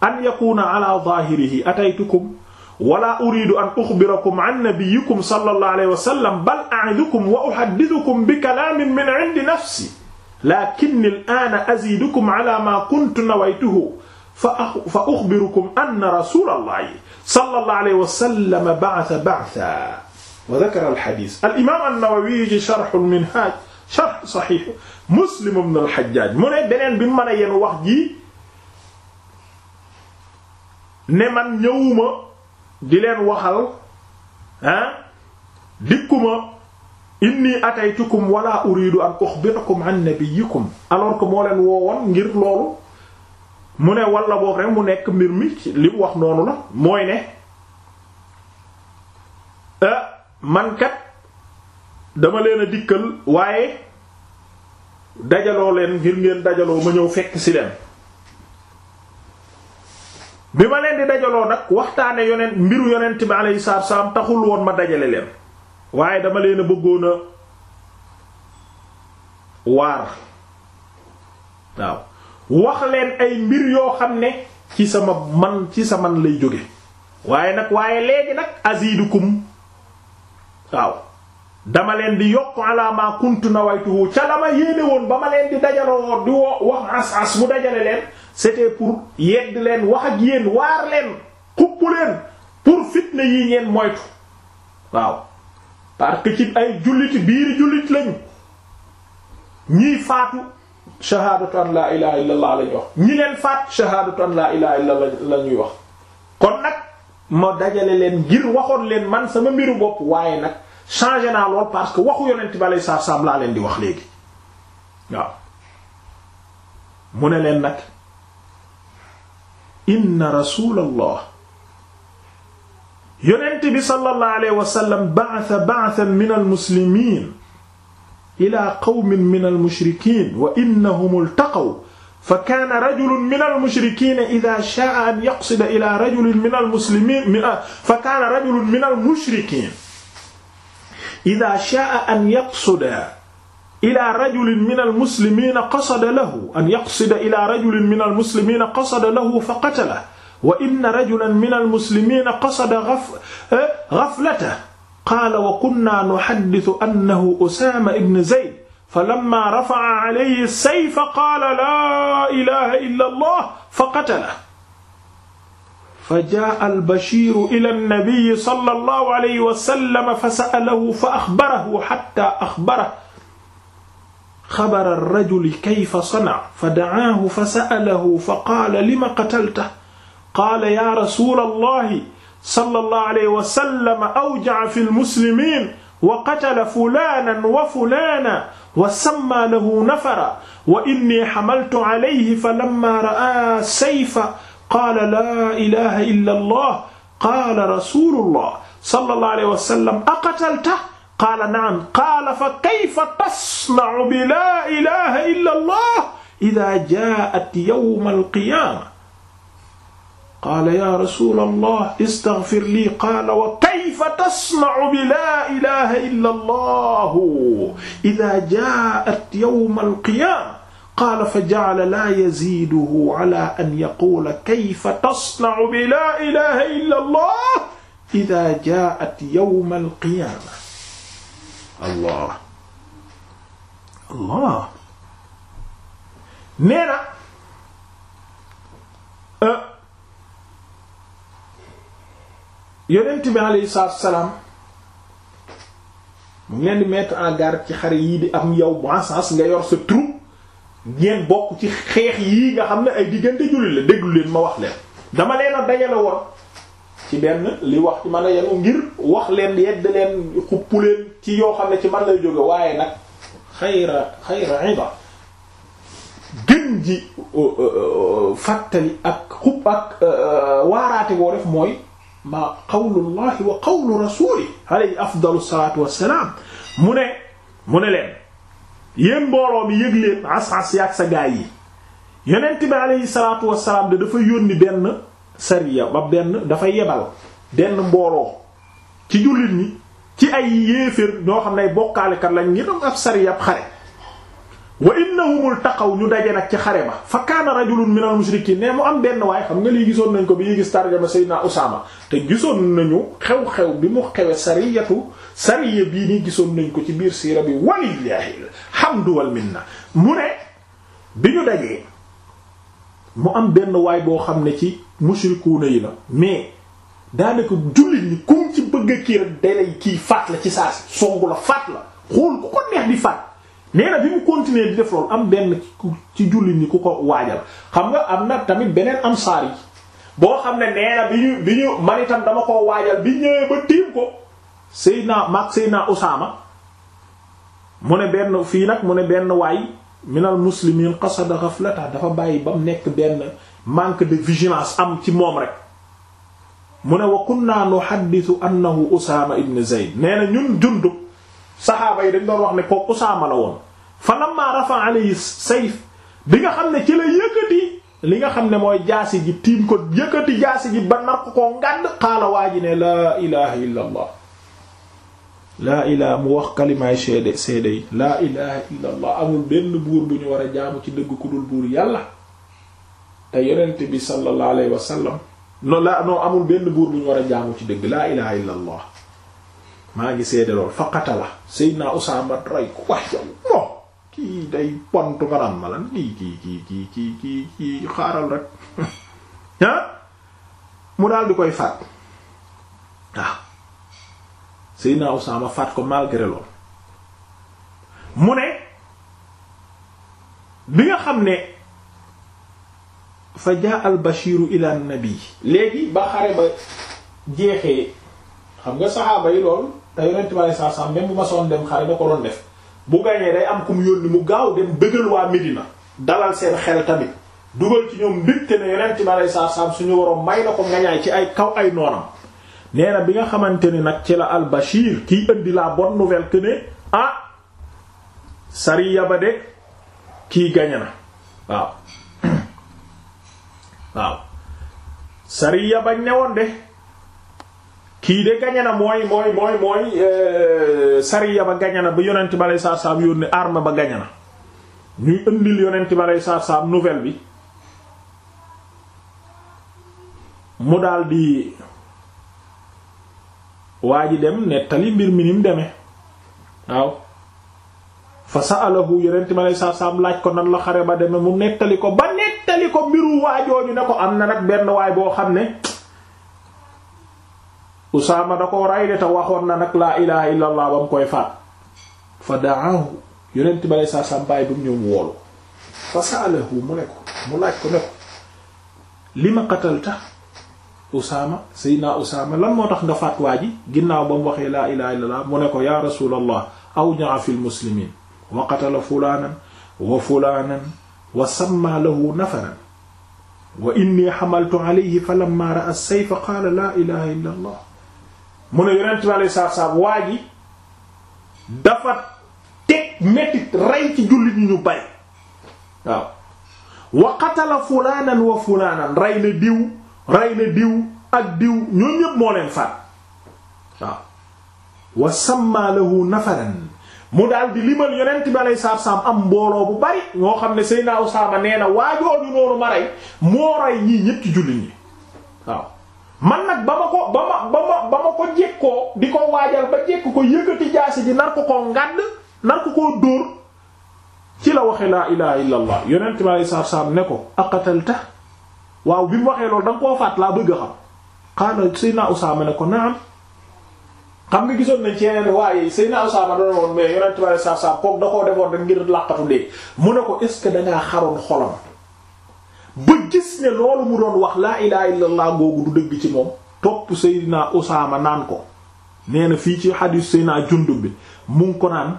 an yakuna ala zahirihi ataytukum wala uridu an uxbirakum an nabiyikum sallallahu alayhi wa sallam bal a'idukum wa uhaddithukum bi kalaamin min 'indi nafsi lakinni al-aana azidukum 'ala ma kuntu nawaytuhu fa uxbirukum anna rasulallahi sallallahu alayhi wa sallam ba'atha ba'than wa dhakara al-hadith al-imam an-nawawi ci sharh al-minhaj sharh sahih muslim ibn al-hajjaj mu ne beneen bi mu mën a yéen wax ji ne man ñëwuma di leen waxal ah dikkuma inni ataytukum wala uridu an ukhbirakum an nabiyyikum alors que moo leen woowoon ngir loolu mu ne wala boog rek mu nekk mbir mi ci lim wax noonu la mooy ne ah, man kat dama leen a dikkal waaye dajaloo leen ngir ngeen dajaloo ma ñëw fekk ci leen bi ma leen di dajaloo nag waxtaane yonent mbiru yonent bi alayhi salaatu wa salaam taxul woon ma dajale leen waaye dama leen a bëggoon a waar waaw wax leen ay mbir yoo xam ne ci sama man ci sa man lay jóge waaye nag waaye léegi nag azidukum waaw dama leen di yokk ala ma na nawaytuhu ca la ma yéene woon ba ma leen di dajaloo di wax as as mu dajale leen c'était pour yedd leen wax ak yéen waar leen xupp leen pour fitna yi ngeen moytu waaw parce que ci ay jullit biir jullit lañu ñiy faatu shahaadatu an laa ilaha illallah la ñuy wax ñi leen faat shahaadatu an laa ilaha illallah la ñuy wax kon nag ma dajale leen ngir waxoon leen man sama mbiru bopp waaye nag changé naa lool parce que waxu yonent balay saab-saab laa leen di wax léegi waaw mu ne leen nag inna rasulallah yonent bi sallallahu alayhi wa sallam ba'atha ba'than min almuslimiin ila qawmin min almushrikiin wa innahum iltaqaw fa kaana rajulun min almushrikiina idaa shaa'a an yaqsida ila rajulin min almuslimiin fa kaana rajulun min almushrikiina idaa shaa'a an yaqsida ila rajulin min almuslimina qasada lahu an yaqsida ila rajulin min almuslimina qasada lahu fa qatalahu wa inna rajulan min almuslimina qasada eh, ghaflatahu qaala wa kunna nuhaddithu annahu Usaama ibn Zayd falammaa rafa'a alayhi sayfa qaala laa ilaaha illallaah fa qatalahu fajaa albashiiru ila nabiyyi sallallaahu alayhi wa sallam fasa'alahu fa axbarahu hattaa axbarahu xabara rajuli kayfa sana fa dacaahu fa sa'alahu fa qaala lima qatalta qaala yaa rasula allahi sallallahu alayhi wa sallam awjaca fi lmuslimiin wa qatala fulaanan wa fulaanan wa sammaa lahu nafara wa innii xamaltu calayhi fa lammaa ra'aa sayfa qaala laa ilaaha illa allah qaala rasulullah sallallahu alayhi wa sallam aqatalta qaala na'am qaala fa kayfa tasna'u bi laa ilaha illa allah idha jaa'at yawm al-qiyaamah qaala ya rasul allah istaghfir li qaala wa kayfa tasna'u bi laa ilaha illa allah idha jaa'at yawm al-qiyaamah qaala fa ja'ala laa yaziiduhu ala an yaqula kayfa tasna'u bi laa ilaha illa allah idha jaa'at yawm al-qiyaamah allah allah nee na euh, yonent bi alayhi salaatu wassalaam mu ngeen di mettre en garde ci xare yii di am yow bansans nga yor sa troupe ngeen bokk ci xeex yii nga xam ne ay diggante jullit la déglu leen ma wax leen dama leen a dajale woon ci benn li wax ci mën a yenu ngir wax leen yedd leen xupp leen ci yoo xam ne ci man lay jóge waaye nag xayra xayra ida gën ji uh, uh, uh, fàttali ak xupp ak waaraate boo def mooy ma qawlullahi wa qawlu rasuli alayhi afdalu salatu wassalaam mu ne mu ne leen yéen mbooloo mi yégleen leen as-as yaak sa gaay yi yonent bi alayhi salatu wassalaam da dafa yónni benn sariya ba benn dafa yebal benn mbooloo ci jullit ñi ci ay yéeféer ñoo xam ne bokkaalekat lañ ngir am ab sariyab xare wa innahumul taqaw ñu daje nag ci xare ba fa kaana rajulun minal mushrikiin ne mu am benn waaye xam nga lii gisoon nañ ko bi ñuy gis tarjama sayyidina Usaama te gisoon nañu xew-xew bi mu xewe sariyatu sariya bii nii gisoon nañ ko ci biir siira bi walillaahi alhamdu wal minna mu ne bi ñu dajee mu am benn waay boo xam ne ci mushrikuuna yi la mais daanaka jullit ñi comme ci bëgg a kii rek kii faat la ci saa si songu la faat la xool ku ko neex di faat nee bi mu continuer di def loolu am benn ci jullit ñi ku ko waajal xam nga am na tamit beneen ansaar yi boo xam ne nee bi ñu bi ñu man dama koo waajal bi ñëwee ba tiim ko Seydina maag Seydina Usaama mu ne benn fii nag mu ne benn waay minal muslimin qasada ghaflata dafa bàyyi ba mu nekk benn manque de vigilance am ci moom rek mu ne wa kunna nuhaddithu annahu Usaama ibn Zayd nee na ñun Jundub saxaaba yi dañ doon wax ne kooku Usaama la woon fa lamma rafa alayhi sayf bi nga xam ne ci la yëkkati li nga xam ne mooy jaasi ji tiim ko yëkkati jaasi ji ba nar ko koo ngànd qaala waa ji ne laa ilaha illa laa ilaha mu wax kalimaay seede seede yi laa ilaha illa amul benn buur bu ñu war a jaamu ci dëgg ku dul buur yàlla te yonent bi sallallahu alayhi wa sallam non laa non amul benn buur bu ñu war a jaamu ci dëgg laa ilaha illa allah maa ngi seede lool faqata la Seydina Usaama rey ko wax yow bon kii day pontu nga naan ma lan kii kii kii kii kii xaaral rek *laughs* mu daal di koy faat waaw Seydina Usaama faat ko malgré loolu mu ne bi nga xam ne fa jaa al bashiru ila nabi léegi ba xare ba jeexee xam nga saxaaba yi loolu te yonent bi alayhi salaam même bu ma soon dem xare da ko doon def bu gañee day am ku mu yónni mu gaaw dem bëggal waa Medina dalal seen xel tamit dugal ci ñoom mbégte ne yonent bi alayhi salaam suñu waroon may na ko ngañaay ci ay kaw ay noonam nee bi nga xamante ni nag ci la al-Bashir kiy indi la bonne nouvelle que ne ah sariya ba de kii gañe na waaw *coughs* waaw sariya ba ñewoon de kii de gañe na mooy mooy mooy euh, sariya ba gañe na ba yonent bi aleyhi salaatu yónni arme ba gañe na ñuy indil yonent bi aleyhi salaatu nouvelle bi mu daldi waa ji dem nettali mbir mi ni mu demee waaw fa sa'alahu yonent ma lay saa saam laaj ko nan la xare ba demee mu nettali ko ba nettali ko mbiru waajooju ne ko am na nag benn waay boo xam ne Usaama da ko rey de te waxoon na nag laa ilaha illa allah ba mu koy faat fa daahu yonent ma lay saa saam bàyyi bu ñëw woolu fa sa'alahu mu ne ko mu laaj ko ne ko lima qatalta Usaama Seydina Usaama lan moo faat waa ji ginnaaw ba mu waxee laa ilaha illallah mu ne ko yaa rasulallah awja'a wa qatala fulaanan wa fulaanan wa sammaa lahu nafaran wa dafa teg mettit rey jullit ñu bari wa qatala fulaanan wa fulaanan rey na diw rey na diw ak diw ñoo ñépp moo leen faat waaw wa samma lahu nafaran mu daal di limal yonent bi alay saab am mbooloo bu bari ñoo xam ne Seydina Usaama nee na waajoo ñu noonu ma rey moo rey ñii ñépp jullit ñi waaw man nag ba ma ko ba ma ba ma ba ma ko jekkoo di ko waajal ba jekk ko yëkkati jaasi ji nar ko koo ngàdd nar ko koo dóor ci la waxe laa ilaha illa allah yonent bi alay saab ne ko aqatalta waaw bi mu waxee loolu da koo faat laa bëgg a xam xaala Seydina Usaama ne ko naam xam nga gisoon nañ ci yeneen waaye Seydina Usaama doon woon mais yonent bi saa saa kook da koo defoon da ngir làqatu dee mu ne ko est-ce que dangaa xaroon xolam ba gis ne loolu mu doon wax laa ilaha illallah googu du dëgg ci moom topp Seydina Usaama naan ko nee na fii ci xadiis Seydina Jundub bi mu ngi ko naan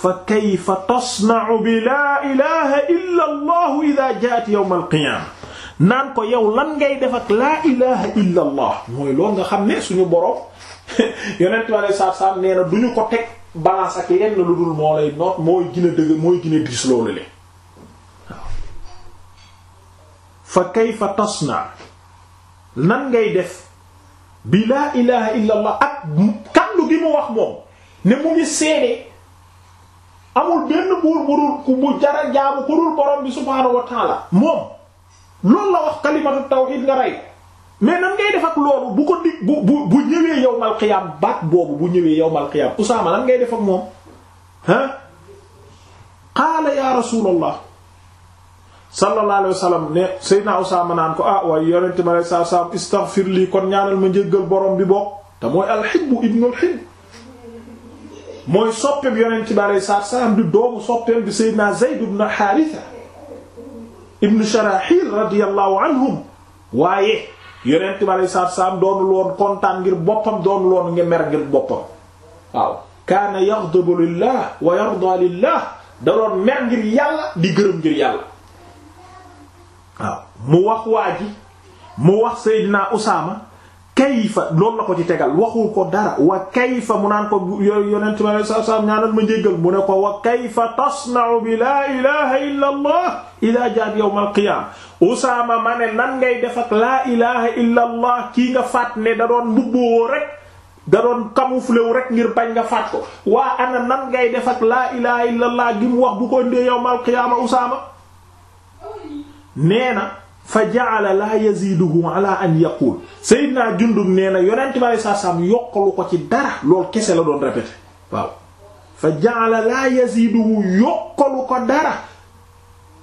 fa kayfa tasna'u bi laa ilaha illa allah idha ja'at naan ko yow lan ngay def ak laa ilaha illa mooy loolu nga xam ne suñu borom *laughs* yonent bi saa saa nee na du ko teg balance ak lenn lu moo lay noot mooy gën dëgg mooy gën diis loolu le fa kayfa tasna nan ngay def bi laa ilaha illa allah ak gi mu wax moom ne mu ngi seede amul benn buur bu dul ku bu jara jaamu ku bi subhaanahu wa moom loolu la wax kalimatu tawhid nga rey mais nan ngay def loolu bu ko dig bu bu bu ñëwee yawmal qiyaam baat boobu bu ñëwee yawmal qiyaam Usaama nan ngay def ak moom ah qaala ya rasulallah sallallahu alayhi wa sallam ne Seydina Usaama naan ko ah waaye yonente mi alayhi salaatu salaam lii kon ñaanal ma njéggal borom bi bokk te mooy alxibbu ibnul xibb mooy soppeem yonente mi alayhi salaatu salaam di doomu soppeem bi Seydina Zayd na Haaritha ibn Sharaxil radiyallahu anhum waaye yonent bi aleyhi salaatu salaam doonul woon kontaan ngir boppam doonul woon nga mer ngir boppam waaw kaana yaghdabu lillah wa yarda lillah da doon mer ngir yàlla di gërëm ngir yàlla waaw mu wax waa ji mu wax Seydina Usaama kayfa loolu la ko ci tegal waxu ko dara wa kayfa mu naan ko yonent bi alayhi salaatu salaam ko wa kayfa tasna'u ngay def ak laa ilaha illa allah kii nga faat ne da doon mbubboo rek da doon camouflé rek ngir bañ nga faat ko waa ana nan ngay def ak laa ilaha illa allah gi mu wax bu ko ndee yawm al qiyaama usaama nee na fa ja'ala laa yaziiduhu ala an yaqul Seydina Jundub nee na saa saam ko ci dara loolu kese la doon répété waaw fa ja'ala laa yaziiduhu yokkalu ko dara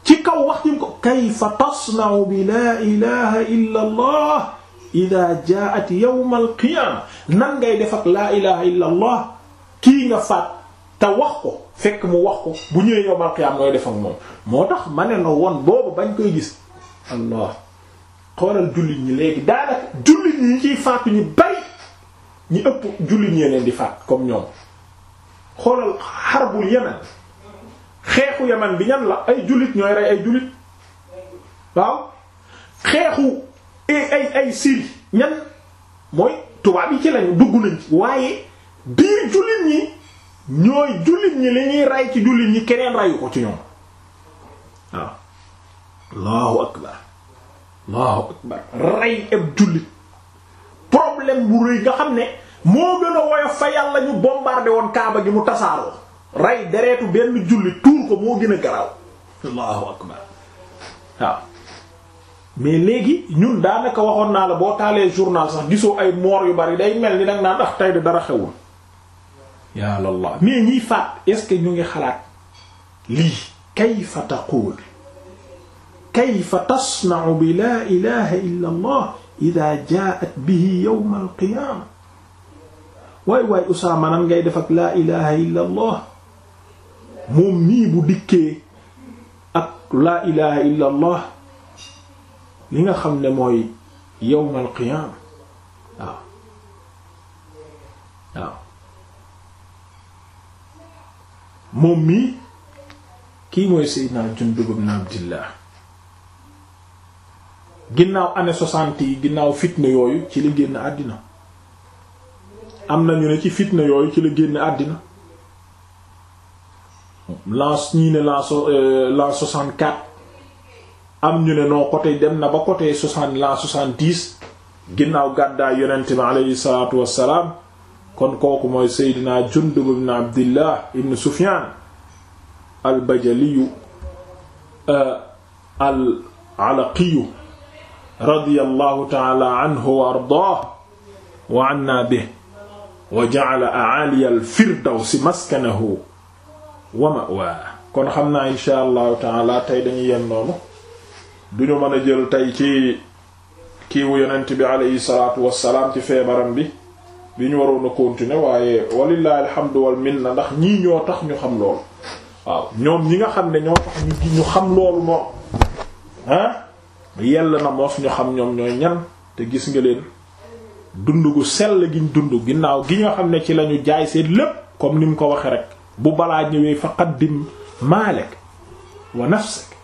ci kaw wax jim ko kayfa tasna'u bi laa ilaha illa allah ida jaat yawm al qiyaama nan laa ilaha illa allah kii nga faat te wax ko fekk mu wax ko bu ñëwee yawm al nooy def ak moo tax ma ne won woon boobu bañ koy gis allah xoolal jullit ñi léegi daanaka jullit ñi ciy faatu ñu bari ñi ëpp jullit ñee leen di faat comme ñoom xoolal xarbul yaman xeexu yaman bi ñan la ay jullit ñooy rey ay jullit waaw xeexu ay ay ay ñan mooy tubaab yi ci lañu dugg nañ waaye biir jullit ñi ñooy jullit ñi li rey ci jullit ñi keneen reyu ko ci ñoom waaw allahu akbar allahu akbar rey ab jullit problème bu rëy nga xam ne moo gën a woyof fa yàlla ñu bombardé woon kaaba gi mu tasaaroo rey deretu benn jullit tuur ko moo gën a garaaw allahu akbar waaw mais léegi ñun daanaka waxoon naa la boo taalee journal sax gisoo ay moor yu bari day mel ni danga naan ndax ah, tey de dara xewul ya Allah mais ñiy faat est-ce ñu ngi xalaat lii kayfa taqul kayfa tasna'u bi laa ilaha illa allah ida jaat bihi yawm alqiyaama waay waay Usaama nan ngay def ak laa ilaha illa allah moom mii bu dikkee ak laa ilaha illa allah li nga xam ne mooy yawm alqiyaama waaw waaw moom mii kii mooy Seydina Jundub ibn Abdillah ginnaaw année soixante yi ginnaaw fitna yooyu ci la génn àddina am na ñu ne ci fitna yooyu ci la génn àddina l'an ñii ne l'an euh, l'an quatre am ñu ne noo côté dem na ba côté soixante l'an soixante dix ginnaaw gàddaay yonent bi aleyhi salaatu wassalaam kon kooku mooy seydinaa Jundub ibn Abdillah ibn Sufyaan al bajaliyu euh, al alaqiyu radiyallahu ta'ala anhu wa ardaahu wa anna bihi wa ja'ala a'aaliya al-firdawsi maskanahu wa ma'waahu kon xam naa insha allahu taala tey dañuy yem noonu duñu mën a jël tey ci kiiwu yonent bi aleyhi salaatu wassalaam ci feebaram bi bi ñu waroon a continuer waaye walillahi alhamdu wal minna ndax ñii ñoo tax ñu xam loolu waaw ñoom ñi nga xam ne ñoo tax ñu xam loolu moom ah yell na moos ñoo xam ñoom ñooy ñan te gis nga leen dund gu sell giñ dund ginnaaw gi ñoo xam ne ci lañu jaay seen lépp comme ni mu ko waxee rek bu balaa ñëwee fa qaddim maalek wa nafsek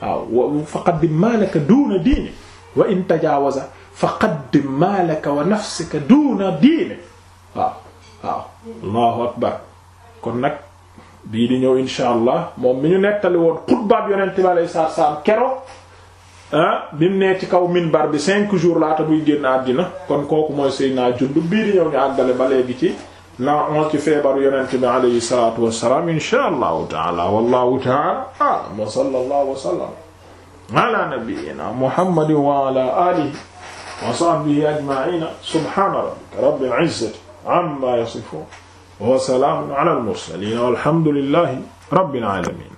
waaw fa qaddim maaleka duuna diine wa in tajaawaza fa qaddim maaleka wa nafseka duuna diine waaw waaw allahu akbar kon nag bii di ñëw insha allah moom mi ñu nettali woon xutbaab yonente bi alei saatu salaam Ah, bi mu nee ci kaw minbar bi cinq jours laata muy génn àddina kon kooku mooy Seydina Jundub bii di ñëw ñu àggale ba léegi ci la on ci feebaru yonent bi alayhi salaatu wassalaam insha allahu taala wallahu taala alam wa sallallahu wa sallam ala nabiyyina muhammadin wa ala alihi wa sahbihi ajma'ina subhana rabbika rabbil izzati amma yasifun wa salamun ala al mursalin walhamdulillahi rabbil alamin